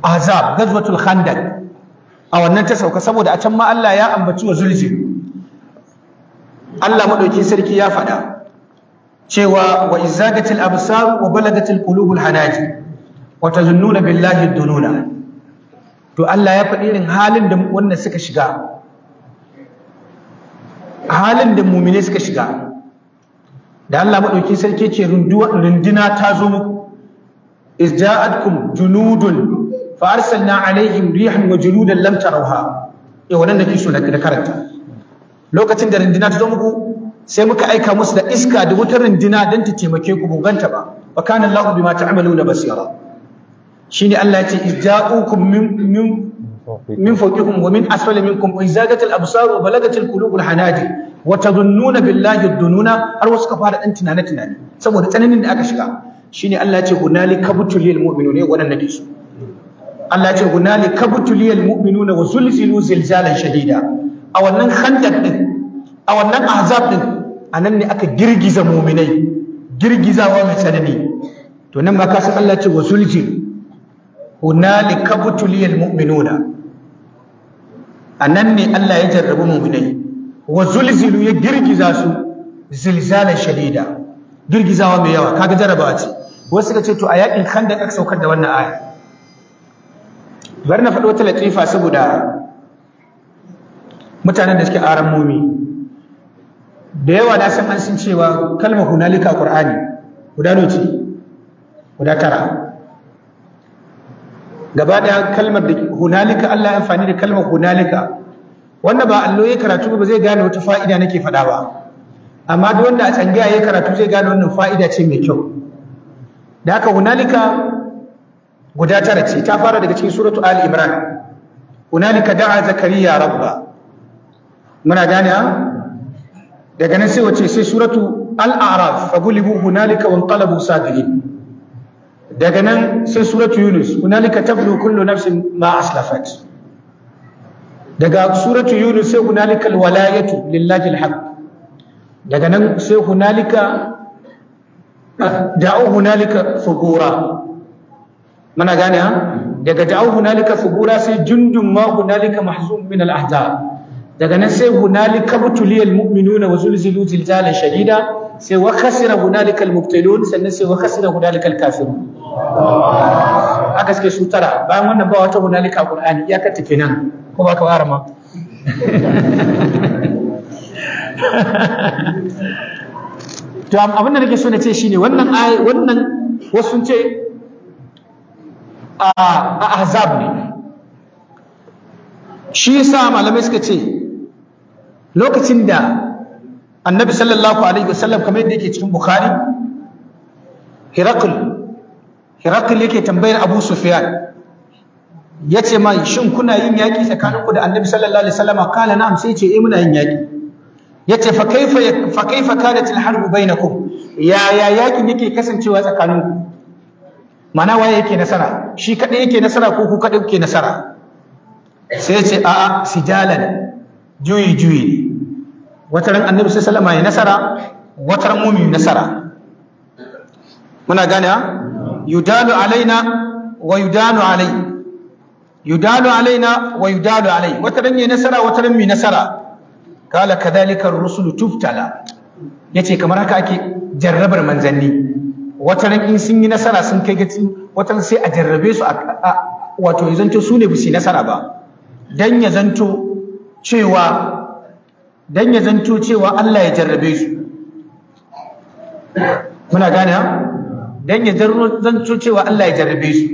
azab gazwatul khandaq a wannan ta sauka saboda a can ma Allah ya ambaci wa zulji Allah madauki sarki ya faɗa cewa wa izagatil absar wa balagatil qulubul hanaji wa tazunnuna billahi dununa to Allah ya faɗi irin halin da wannan suka shiga halin da mumine suka shiga da Allah maɗauki sarki ce runduna ta zo muku izja'atkum junudun fa arsalna alaihim rihan wa junudan lam tarawha eh wannan da kisu da karanta lokacin da runduna ta zo muku sai muka aika musu da iska da wutar runduna dan ta taimake ku buganta ba wa kana Allah bima ta'maluna basira shine Allah ya ce izja'ukum min min fawqikum wa min asfali minkum wa izagatil absar wa balagatil qulubul hanajir wa tadunnuna billahi dununa har wasu ka fara dan tunane tunane saboda tsananin da aka shiga shine Allah ya ce hunalika butulil mu'minuna wadannan da su Allah ya ce hunalika butulil mu'minuna wa zulzilu zilzalan shadida a wannan khandaq din a wannan ahzab din anan ne aka girgiza mu'minai girgizawa mai tsanani to nan ma ka san Allah ya ce wa zulzil hunalika butulil a nan ne Allah ya jarrabu muminai wa zulzilu ya girgiza su zilzalan shadida girgizawa mai yawa kaga jarrabawa ce wasu suka ce to a yakin khandaq aka saukar da wannan aya bari na faɗo ta latifa saboda mutanen da suke aran mumi da yawa na san an sun cewa kalmar hunalika qur'ani guda noci guda tara gaba da kalmar da hunalika Allah ya amfani da kalmar hunalika wanda ba allo ya karatu ba zai gane wata fa'ida nake faɗa ba amma duk wanda a tsangiya ya karatu zai gane wannan fa'ida ce mai kyau da haka hunalika guda tara ce ta fara daga cikin suratu ali imran hunalika da'a zakariya rabba muna gane daga nan sai wace sai suratu al-a'raf fa gulibu hunalika wa inqalabu daga nan sai suratu yunus hunalika tablu kullu nafsin ma aslafat daga suratu yunus sai hunalika alwalayatu lillahi alhaq daga nan sai hunalika ah, da'u hunalika fugura. mana gane ha daga da'u hunalika fugura sai jundun ma hunalika mahzum min alahzab daga nan sai hunalika butuliyal mu'minuna wa zulzilu zilzalan shadida sai wa khasira hunalika almubtilun sannan sai wa khasira hunalika alkafirun aka suke su tara bayan wannan ba wata hunalika qur'ani ka tafi kenan ko ba ka wara ma to abin da nake so na ce shine wannan ayi, wannan wasu sun ce a ahzab ne shi yasa malamai suka ce lokacin da annabi sallallahu alaihi wasallam kamar yadda yake cikin bukhari hirakul Herakl yake tambayar Abu Sufyan yace ma shin kuna yin yaki tsakaninku da Annabi sallallahu alaihi wasallam kala na'am sai yace eh muna yin yaki yace fa kaifa fa kaifa kanat al-harb bainakum ya ya yaki yake kasancewa tsakaninku mana waye yake nasara shi kadai yake nasara ko ku kadai kuke nasara sai yace a'a sijalan juyi juyi wata ran Annabi sallallahu alaihi wasallam ya nasara wata ran mu'min nasara muna gane yudalu alaina wa yudalu alai yudalu alaina wa yudalu alai wata ran yi nasara wata ran mai nasara kala kadhalika rusulu tuftala yace kamar haka ake jarrabar manzanni wata ran in sun yi nasara sun kai gaci wata ran sai a jarrabe su a wato ya zanto su ne ba nasara ba dan ya zanto cewa dan ya zanto cewa Allah ya jarrabe su muna gane ha dan ya zanto cewa Allah ya jarrabe su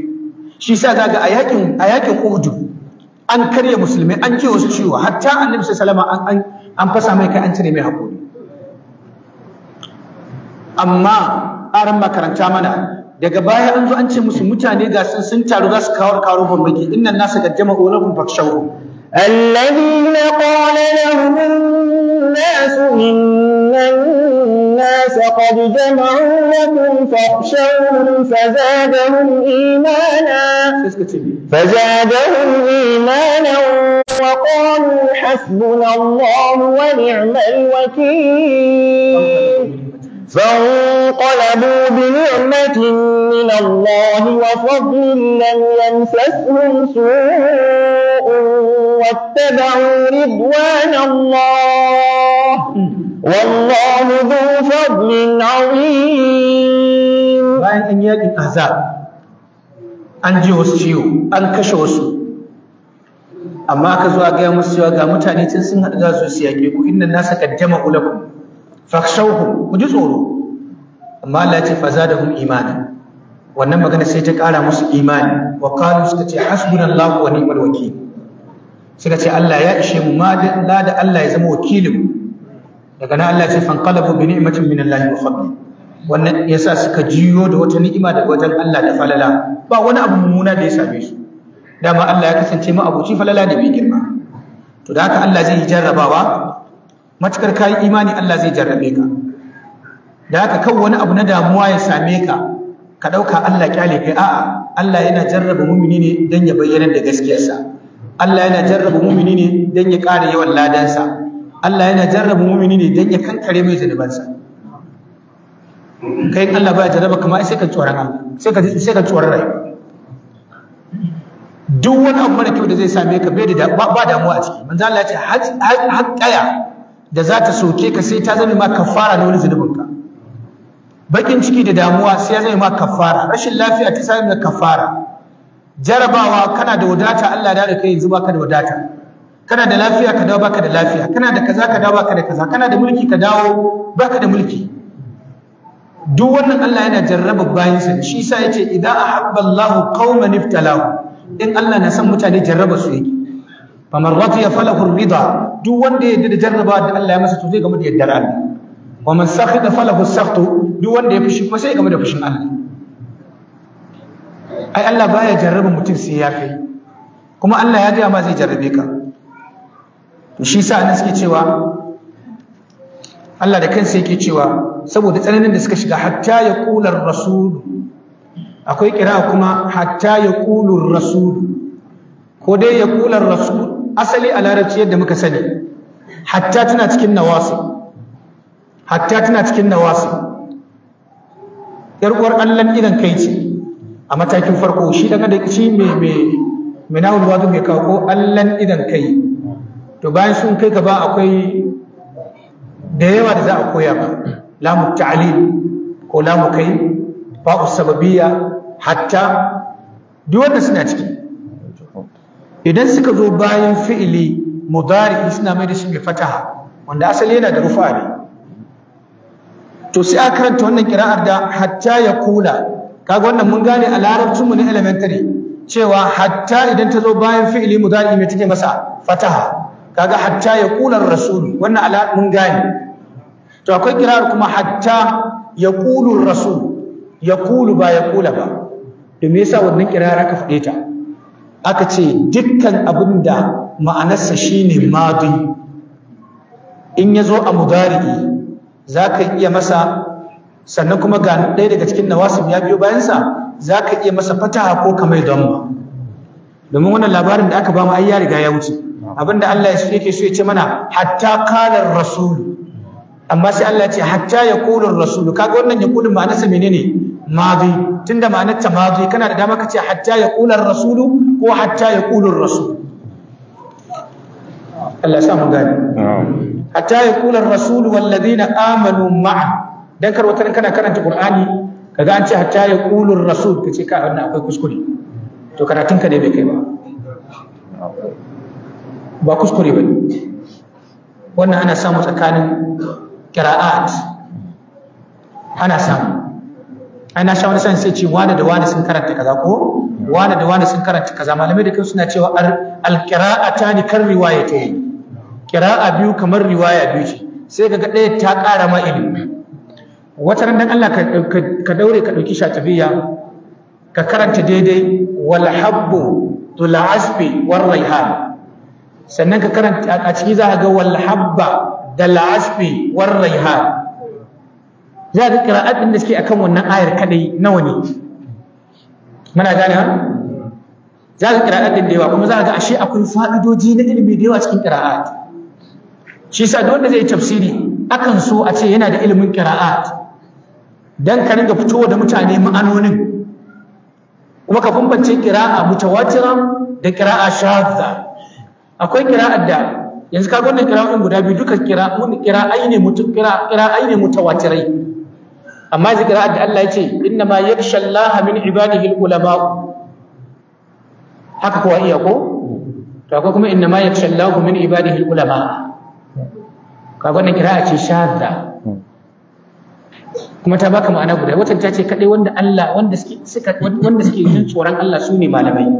shi sa zaga a yakin a yakin Uhud an karya musulmi an ce wasu ciwo hatta annabi sallallahu alaihi wasallam an fasa mai kai an cire mai hakuri amma aran makaranta mana daga baya an zo an ce musu mutane ga sun sun taru za su kawo karo bambaki innan nasu ga jama'u lahum fakshawu alladhina qala lahum an الناس قد جمعوا لكم فاخشوهم فزادهم إيمانا فزادهم إيمانا وقالوا حسبنا الله ونعم الوكيل فانقلبوا بنعمة من الله وفضل لم يمسسهم سوء واتبعوا رضوان الله والله ذو فضل عظيم bayan an yakin ahzab an ji wasu ciwo an kashe wasu amma aka zo a gaya musu cewa ga mutane tun sun haɗa za su yaƙe ku inna nasa kaddama ulakum fakshauhu ku ji tsoro amma Allah ce fazadahum imana wannan magana sai ta ƙara musu imani wa qalu suka ce hasbunallahu wa ni'mal wakil suka ce Allah ya ishe mu ma la da Allah ya zama wakilin daga nan Allah ya ce qalabu bi ni'matin min Allah wa fadli wannan yasa suka jiyo da wata ni'ima daga wajen Allah da falala ba wani abu mummuna da ya same su dama Allah ya kasance ma abuci falala da bai girma to da haka Allah zai jarrabawa matukar kayi imani Allah zai jarrabe ka da haka kan wani abu na damuwa ya same ka ka ɗauka Allah kyale kai a'a Allah yana jarraba mumini ne don ya bayyana da gaskiyarsa Allah yana jarraba mumini ne don ya ƙara yawan ladansa Allah yana jarraba mumini ne don ya kankare mai zunubansa kai Allah ba jarraba kuma sai ka tsoron sai ka sai ka tsoron rai duk wani abu mara kyau da zai same ka bai da ba damuwa a ciki manzo Allah ya ce har kaya da za ta soke ka sai ta zama ma kafara na wani zunubinka bakin ciki da damuwa sai ya zama ma kafara rashin lafiya ta sami ma kafara jarabawa kana da wadata Allah da kai yanzu baka da wadata kana da lafiya ka dawo baka da lafiya kana da kaza ka dawo baka da kaza kana da mulki ka dawo baka da mulki duk wannan Allah yana jarraba bayansa shi yasa yace idan ahabba Allahu qauman iftalahu in Allah na san mutane jarraba su yake ya radiya hurri rida duk wanda ya da jarraba da Allah ya masa to zai gama da yaddar Allah wa man sakhita falahu sakhtu duk wanda ya fushi kuma sai gama da fushin Allah ai Allah baya jarraba mutum sai ya kai kuma Allah ya ga ma zai jarrabe ka to shi sa nan suke cewa Allah da kansa yake cewa saboda tsananin da suka shiga hatta ya kular rasul akwai kira kuma hatta ya kulur rasul ko dai ya kular rasul asali a larabci yadda muka sani hatta tana cikin nawasi hatta tana cikin nawasi yar uwar allan idan kai ce a matakin farko shi daga da shi me me minawul wadu mai kawo allan idan kai to bayan sun kai ka ba akwai da yawa da za a koya ba lamu ta'lim ko lamu kai ba sababiyya hatta duk wanda suna ciki idan suka zo bayan fi'ili mudari suna mai da shi mai fataha wanda asali yana da rufa ne to sai aka karanta wannan kira'ar da hatta ya kula kaga wannan mun gane a larabcin mu na elementary cewa hatta idan ta zo bayan fi'ili mudari mai take masa fataha kaga hatta ya kula rasul wannan ala mun gane to akwai kira'ar kuma hatta ya kula rasul ya kula ba ya kula ba to me yasa wannan kira'ar aka fade ta aka ce dukkan abin da ma'anarsa shine madi in ya zo a mudari'i za ka iya masa sannan kuma ga ɗaya daga cikin nawasim ya biyo bayansa za ka iya masa fataha ko kamar ba. domin wannan labarin da aka ba mu ya riga ya wuce abinda Allah ya yake so ya ce mana hatta kalar rasulu amma sai Allah ya ce hatta kulun rasulu kaga wannan ya kulun ma'anarsa menene madi tunda ma'anar ta madi kana da dama kace hatta ya Kular rasulu ko hatta ya qulur rasul Allah sa mu gani hatta ya qular rasul wal ladina amanu ma'a dan kar wata kana karanta qur'ani kaga an ce hatta ya qulur rasul kace ka wannan akwai kuskure to karatun ka ne bai kai ba ba kuskure ba wannan ana samu tsakanin kira'at ana samu ai na sha wani san sai ce wane da wane sun karanta kaza ko wane da wane sun karanta kaza malamai da kansu suna cewa ta ni kan riwaya ta yi qira'a biyu kamar riwaya biyu ce sai kaga ɗaya ta ƙara ma ilimi wata ran dan Allah ka daure ka dauki shatabiya ka karanta daidai wal habbu tul asbi war raihan sannan ka karanta a ciki za ka ga wal habba dal asbi war raihan za ka kira ɗin da suke akan wannan ayar kadai nawa ne muna gane ha za ka kira ɗin da yawa kuma za ka ga ashe akwai fa'idoji na ilimi da yawa cikin kira'at shi yasa duk wanda zai tafsiri akan so a ce yana da ilimin kira'at dan ka ringa fitowa da mutane ma'anonin kuma ka bambance kira'a mutawatira da kira'a shadda akwai a da yanzu ka gwanin kira'o'in guda biyu duka kira'ai ne mutawatirai amma zikira da Allah ya ce inna ma yaksha Allah min ibadihi ulama haka kuwa iya ko to akwai kuma inna ma yaksha Allah min ibadihi ulama kaga wannan kira ce shadda kuma ta baka ma'ana guda wata ta ce kadai wanda Allah wanda suke suka wanda suke jin tsoron Allah su ne malamai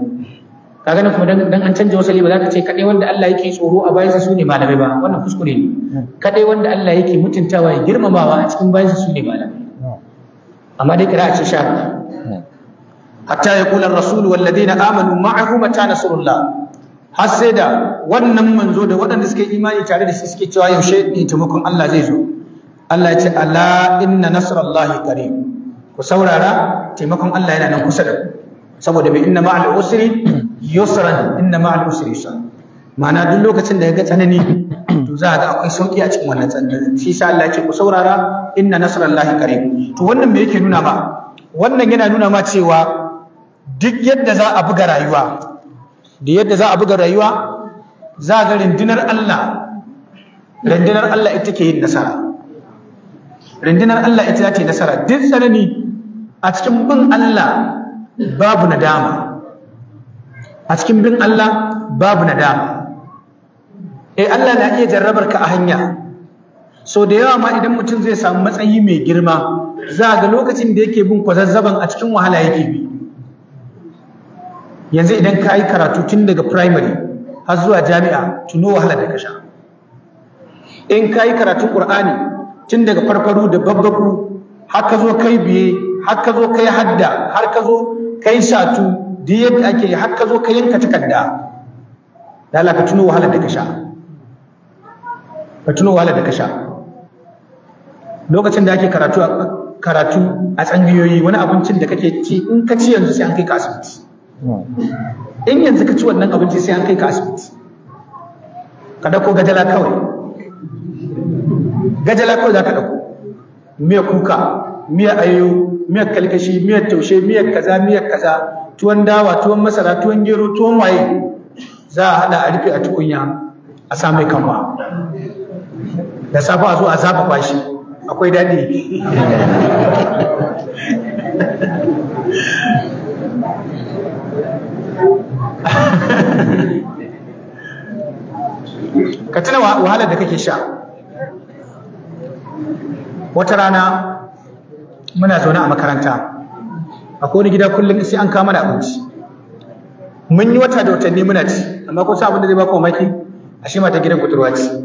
kaga nan kuma dan an canja wasali ba za ka ce kadai wanda Allah yake tsoro a bayansa su ne malamai ba wannan kuskure ne kadai wanda Allah yake mutuntawa ya girmamawa a cikin bayansa su ne malamai amma dai kira ce sha hatta ya kula rasul walladina amanu ma'ahu mata nasrullah har sai da wannan manzo da waɗanda suke imani tare da shi suke cewa yaushe ne taimakon Allah zai zo Allah ya ce ala inna nasrallahi qarib ku saurara taimakon Allah yana nan kusa da ku saboda bi inna ma'al usri yusran inna ma'al usri yusran ma'ana duk lokacin da ya ga tsanani to za a ga akwai sauki a cikin wannan tsanani shi sa Allah ce ku saurara inna nasrallahi qarib to wannan me yake nuna ma wannan yana nuna ma cewa duk yadda za a buga rayuwa da yadda za a buga rayuwa za ga rindinar Allah rindinar Allah ita ke yin nasara Rindinar Allah ita ce nasara duk tsanani a cikin bin Allah babu nadama a cikin bin Allah babu nadama eh Allah na iya jarrabar ka a hanya so da yawa ma idan mutum zai samu matsayi mai girma za ga lokacin da yake bin kwazazzaban a cikin wahala yake bi yanzu idan ka yi karatu tun daga primary har zuwa jami'a tuno wahala da ka in ka yi karatun ƙur'ani tun daga farfaru da babbaku har ka zo kai biye har ka zo kai hadda har ka zo kai satu duk yadda ake har ka zo kai yanka takarda da Allah ka tuno wahala da ka ka tuno wahalar da ka sha lokacin da ake karatu karatu a tsangiyoyi wani abincin da kake ci in ka ci yanzu sai an kai ka asibiti in yanzu ka ci wannan abinci sai an kai ka asibiti ka dauko gajala kawai gajala kawai za ka dauko miyar kuka miyar ayo miyar kalkashi miyar taushe miyar kaza miyar kaza tuwon dawa tuwon masara tuwon gero tuwon waye za a hada a rufe a tukunya a sami kanwa da safa a zo a zafafa shi akwai daɗi ka tuna wahalar da kake sha wata rana muna zaune a makaranta akwai wani gida kullum sai an kama da abinci mun yi wata da watanni muna ci amma ko abin da zai baka maki, a shi mata gidan kuturwa ce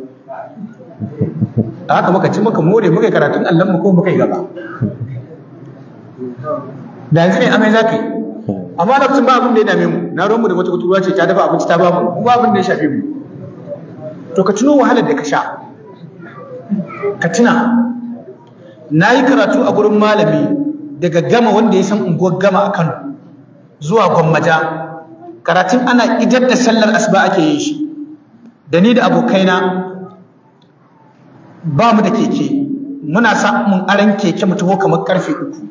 da haka muka ci muka more muka yi karatun allon mu ko muka yi gaba da yanzu ne amai zaka yi amma lokacin ba abin da ya dame mu na ruwan mu da wata kuturuwa ce ta dafa abinci ta ba mu kuma abin da ya shafe mu to ka tuno wahalar da ka sha ka tuna na yi karatu a gurin malami daga gama wanda ya san unguwar gama a kano zuwa gwammaja karatun ana idar da sallar asuba ake yin shi da ni da abokaina ba mu da keke muna samun aran keke mu taho kamar karfe uku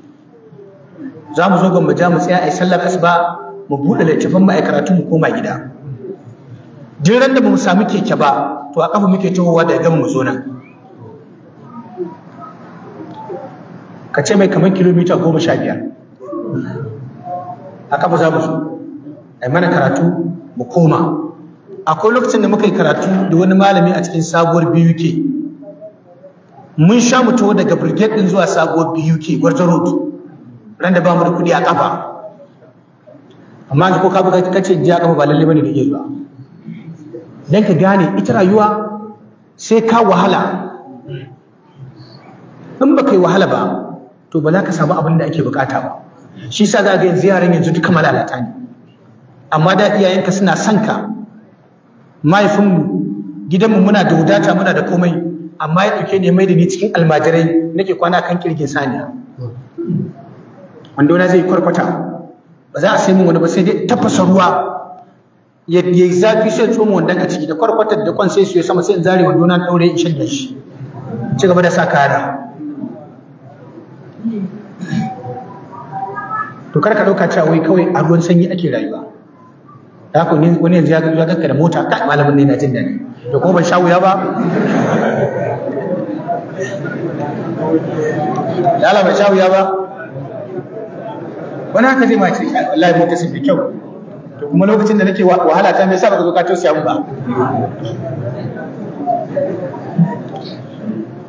za mu zo ga ja mu tsaya a sallar asuba mu buɗe littafin mu a karatu mu koma gida duk ran da ba mu samu keke ba to a kafa muke tahowa da gama mu zo nan ka ce mai kamar kilomita goma sha biyar a kafa za mu zo a mana karatu mu koma akwai lokacin da muka yi karatu da wani malami a cikin sabuwar biyu ke mun sha mutuwa daga brigade din zuwa sabuwar BUK Gwarzo Road ran da ba mu da kuɗi a kafa amma ko ka buga kace jiya kafa ba lalle bane da ke zuwa dan ka gane ita rayuwa sai ka wahala in ba kai wahala ba to ba za ka samu abin da ake bukata ba shi sa za ga yanzu yaran yanzu duka malalata ne amma da iyayenka suna son ka mahaifinmu gidanmu muna da wadata muna da komai amma ya ɗauke ne mai da ni cikin almajirai nake kwana kan kirgin saniya wanda wani zai kwarkwata ba za a sai mun wani ba sai dai tafasa ruwa ya yi zafi sai tsoma wanda a ciki da kwarkwatar da kwan sai su ya sama sai in zare wando na ɗaure in shan shi ci gaba da sa kara to kar ka ɗauka cewa wai kawai a ruwan sanyi ake rayuwa da haka wani yanzu ya ga da mota kai malamin ne na jin daɗi da kuma ban sha wuya ba da Allah bai sha wuya ba wani haka zai mace wallahi mun kasance da kyau to kuma lokacin da nake wahala ta me yasa baka zo ka tosiya mu ba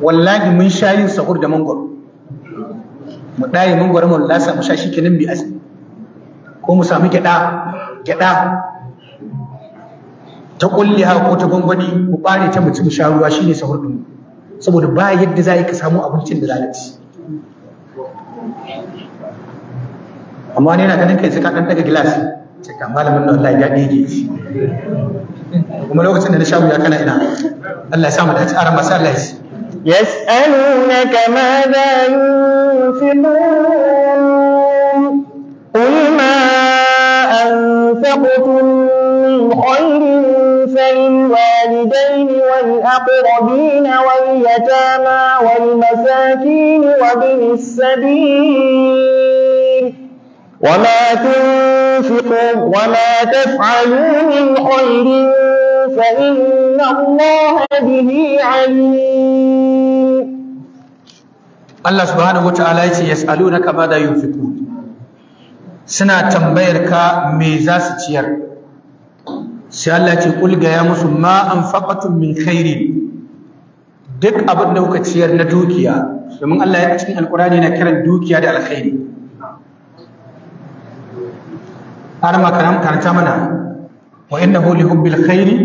wallahi mun sha yin sahur da mangwaro mu ɗaye mangwaro mu lasa mu sha shi kenan bi azumi ko mu sami gyaɗa gyaɗa ta kulliha ko ta gwangwani mu ɓare ta mutum sha ruwa shine sahur ɗin mu saboda ba yadda za ka samu abincin da lalace amma wani yana ganin kai sai ka dan daga gilas cika malamin nan Allah ya dage shi kuma lokacin da na sha wuya kana ina Allah ya sa mu da ci aran masa Allah ya ci يسألونك ماذا ينفقون قل ما أنفقتم من خير للوالدين والأقربين واليتامى والمساكين وابن السبيل وما تنفقوا وما تفعلوا من خير فإن الله به عليم Allah subhanahu wata'ala ya ce yas'alunaka ma da yunfiqun suna tambayar ka me za su ciyar sai Allah ce kulga ya musu ma anfaqatum min khairi duk abin da kuka ciyar na dukiya domin Allah ya cikin alkurani na kiran dukiya da alkhairi har makaram karanta mana wa innahu li hubbil khairi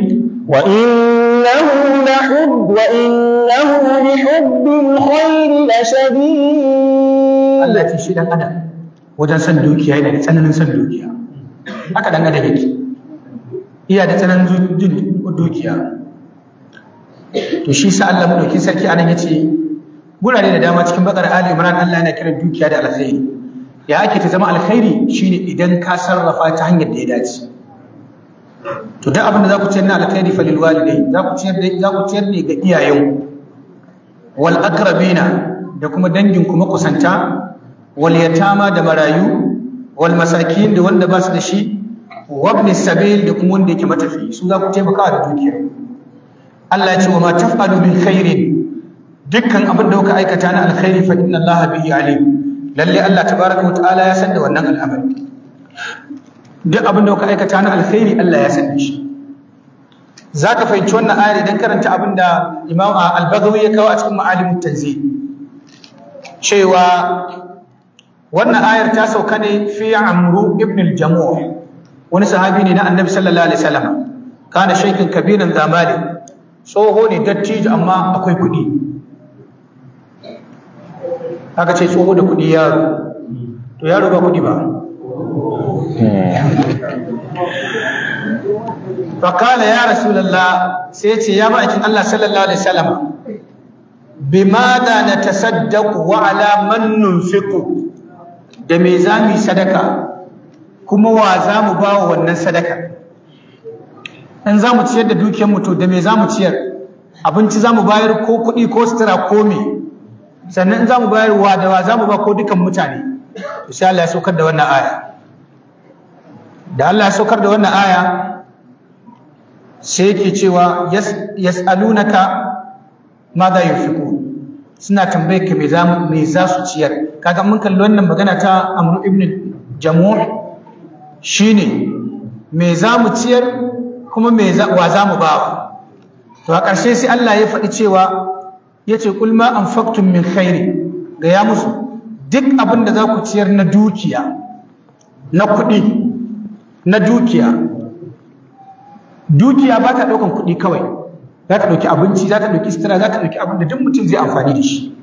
wa innahu la hubb wa innahu li hubbil khairi la shadid Allah ya shi dan adam wajen san dukiya yana da tsananin san dukiya haka dan adam yake iya da tsanan dukiya to shi sa Allah madauki sarki anan ya ce, gurare da dama cikin bakar Ali Imran Allah yana kiran dukiya da alkhairi ya ake ta zama alkhairi shine idan ka sarrafa ta hanyar da ya dace to duk abin da za ku ciyar na alkhairi falil walidai za ku ciyar za ku ciyar ne ga iyayen wal aqrabina da kuma dangin kuma kusanta wal yatama da marayu wal masakin da wanda ba su da shi wabni sabil da kuma wanda yake matafi su za ku taimaka da dukiya. Allah ya ce wa ma taf'alu min khairin dukkan abin da kuka aikata na alkhairi fa inna Allah bihi alim lalle Allah tabaraka wa ta'ala ya san da wannan al'amari duk abin da kuka aikata na alkhairi Allah ya san shi Za ka fahimci wannan ayar idan karanta abin da Imam Al-Baghawi ya kawo a cikin Ma'alimut Tanzil cewa wannan ayar ta sauka ne fi Amru ibn al-Jamuh wani sahabi ne na annabi sallallahu alaihi wasallam kana shaykin kabirin zamani tsoho ne dattijo amma akwai kuɗi aka ce tsoho da kuɗi yaro to yaro ba kuɗi ba hmm. fakala ya rasulallah sai ce ya ma'aikin Allah sallallahu alaihi wasallam bimada na tasaddaqu wa ala man nunfiqu da me zamu sadaka kuma wa za mu ba wa wannan sadaka in za mu ciyar da dukiyar mutu da me za mu ciyar abinci za mu bayar ko kuɗi ko sutura ko me sannan in za mu bayar wa da wa za mu ba ko dukan mutane to sai Allah ya saukar da wannan aya da Allah ya saukar da wannan aya sai yake cewa yas'alunaka madha yunfiqun suna tambayar ka me za su ciyar kaga mun kalli wannan magana ta Amr ibn Jamuh Shi ne, me za mu ciyar kuma me wa za mu bawa to a ƙarshe sai Allah ya faɗi cewa ya ce kulma an faktun min khairi ga ya musu duk abin da za ku ciyar na dukiya na kuɗi na dukiya dukiya ba ta ɗaukan kuɗi kawai za ta ɗauki abinci za ta ɗauki sutura za ta ɗauki abin da duk mutum zai amfani da shi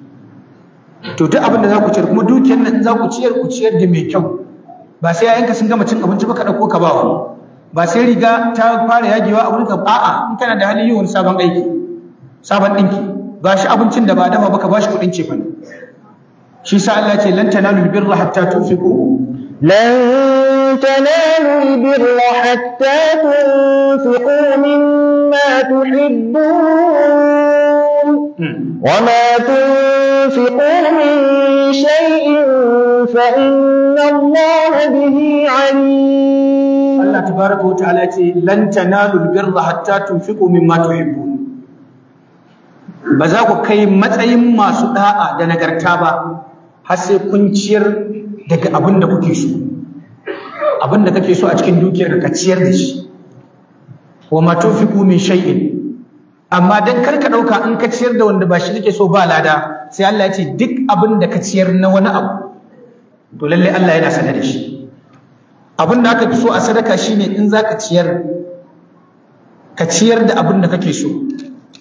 to duk abin da za ku ciyar kuma dukiyar nan za ku ciyar ku ciyar da mai kyau ba sai yayanka sun gama cin abinci ba ka dauko ka ba wa? ba sai riga ta fara yagewa a wurin ba a in kana da halin yi wani sabon aiki sabon ɗinki ba shi abincin da ba dafa ba ka ba shi ce cefane shi sa Allah ce lan tanalu birra hatta tunfiqu lan تنالوا البر حتى تنفقوا مما تحبون وما تنفقوا من شيء فإن الله به عليم الله تبارك وتعالى لن تنالوا البر حتى تنفقوا مما تحبون ba za ku kai matsayin masu da'a da nagarta ba har sai kun ciyar daga abin da kuke so abin da kake so a cikin dukiyar ka ciyar da shi wa ma tunfiqu min shay'in amma dan kar ka dauka in ka ciyar da wanda ba shi kake so ba lada sai Allah ya ce duk abin da ka ciyar na wani abu to lalle Allah yana sanar da shi abin da aka fi so a sadaka shine in zaka ciyar ka ciyar da abin da kake so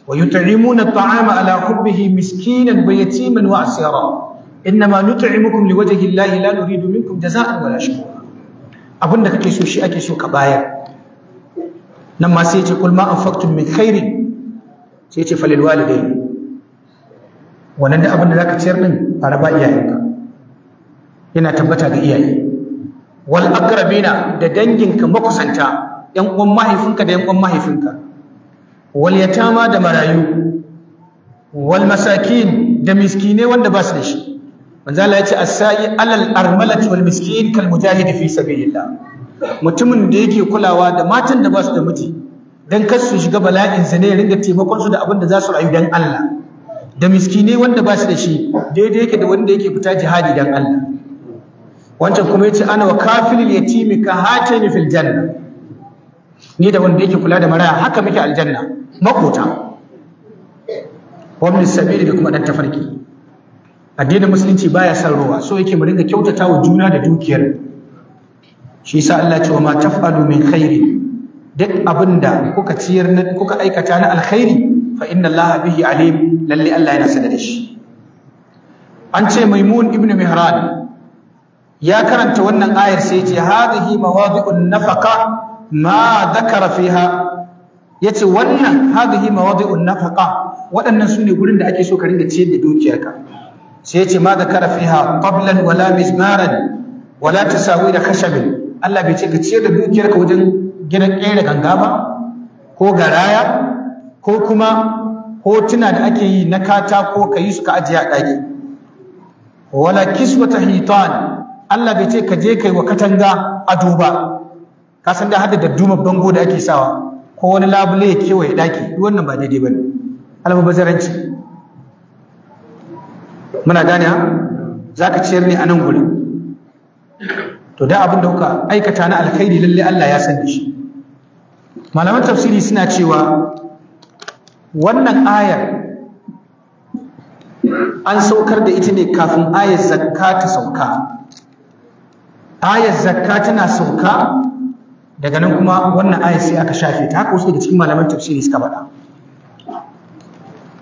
wa yut'imuna at'ama ala hubbihi miskinan wa yatiman wa asira إنما نطعمكم لوجه الله لا نريد منكم جزاء ولا شكورا abin da kake so shi ake so ka bayar nan ma sai ya ce kul ma anfaqtum min khairi sai ya ce falil walidai wannan da abin da zaka ciyar din a raba iyayenka yana tabbata ga iyaye wal aqrabina da danginka makusanta yan uwan mahaifinka da yan uwan mahaifinka wal yatama da marayu wal masakin da miskine wanda ba su da shi manzo Allah yace as-sa'i alal armalati wal miskin kal mujahidi fi sabilillah mutumin da yake kulawa da matan da ba su da miji dan kar su shiga bala'in zane ringa taimakon su da abin da za su rayu dan Allah da miskine wanda ba su da shi daidai yake da wanda yake fita jihadi dan Allah wancan kuma yace ana wa kafilil yatimi ka hatani fil janna ni da wanda yake kula da maraya haka muke aljanna makota wa min sabili da kuma dan tafarki addinin musulunci baya son ruwa, so yake mu ringa kyautata wa juna da dukiyar shi yasa Allah ce wa ma taf'alu min khairi duk abinda kuka ciyar kuka aikata na alkhairi fa inna Allah bihi alim lalle Allah yana sanar da shi an ce maimun ibnu mihran ya karanta wannan ayar sai ce hadhihi mawadi'un nafaqa ma dhakara fiha yace wannan hadhihi mawadi'un nafaqa waɗannan sune gurin da ake so ka ringa ciyar da dukiyarka sai yace ma zakara fiha qablan wala mizmaran wala tasawi da khashabin Allah bai ce ka ciyar da dukiyar ka wajen gidan kera ganga ba ko garaya ko kuma hotuna da ake yi na katako ka yi su ka ajiye a ɗaki wala kiswata hitan Allah bai ce ka je kai wa katanga a ba ka san da hada dadduma bango da ake sawa ko wani labule ya kewaye ɗaki wannan ba daidai bane almubazzaranci muna gane za ka ciyar ne a nan guri to da abin da kuka aikata na alkhairi lalle Allah ya san shi malaman tafsiri suna cewa wannan ayar an saukar da ita ne kafin ayar zakka ta sauka ayar zakka tana sauka daga nan kuma wannan ayar sai aka shafe ta haka wasu daga cikin malaman tafsiri suka faɗa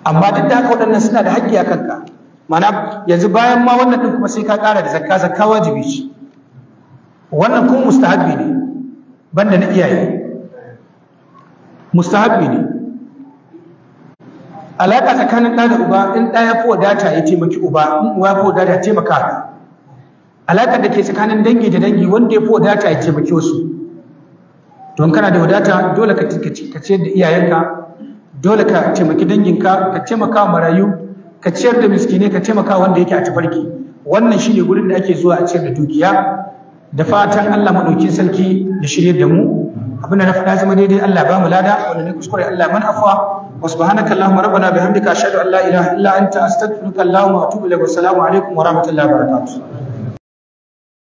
amma duk da haka waɗannan suna da haƙƙi a kanka mana yanzu bayan ma wannan din kuma sai ka ƙara da zakka zakka wajibi ce wannan kuma mustahabbi ne banda na iyaye mustahabbi ne alaƙa tsakanin ɗa da uba in ɗa ya fi wadata ya taimaki uba in uwa ya fi wadata ya taimaka alaƙar da ke tsakanin dangi da dangi wanda ya fi wadata ya taimaki wasu don kana da wadata dole ka ce da iyayenka dole ka taimaki danginka ka taimaka marayu ka ciyar da miskinai ka taimaka wanda yake a tafarki wannan shine gurin da ake zuwa a ciyar da dukiya da fatan Allah madaukin sarki da shirye da mu abin da na faɗa zama daidai Allah ba mu lada wanda ne kuskure Allah man afwa wa subhanaka allahumma rabbana bihamdika ashhadu an la ilaha illa anta astaghfiruka allahumma wa atubu ilaik wa assalamu alaikum wa rahmatullahi wa barakatuh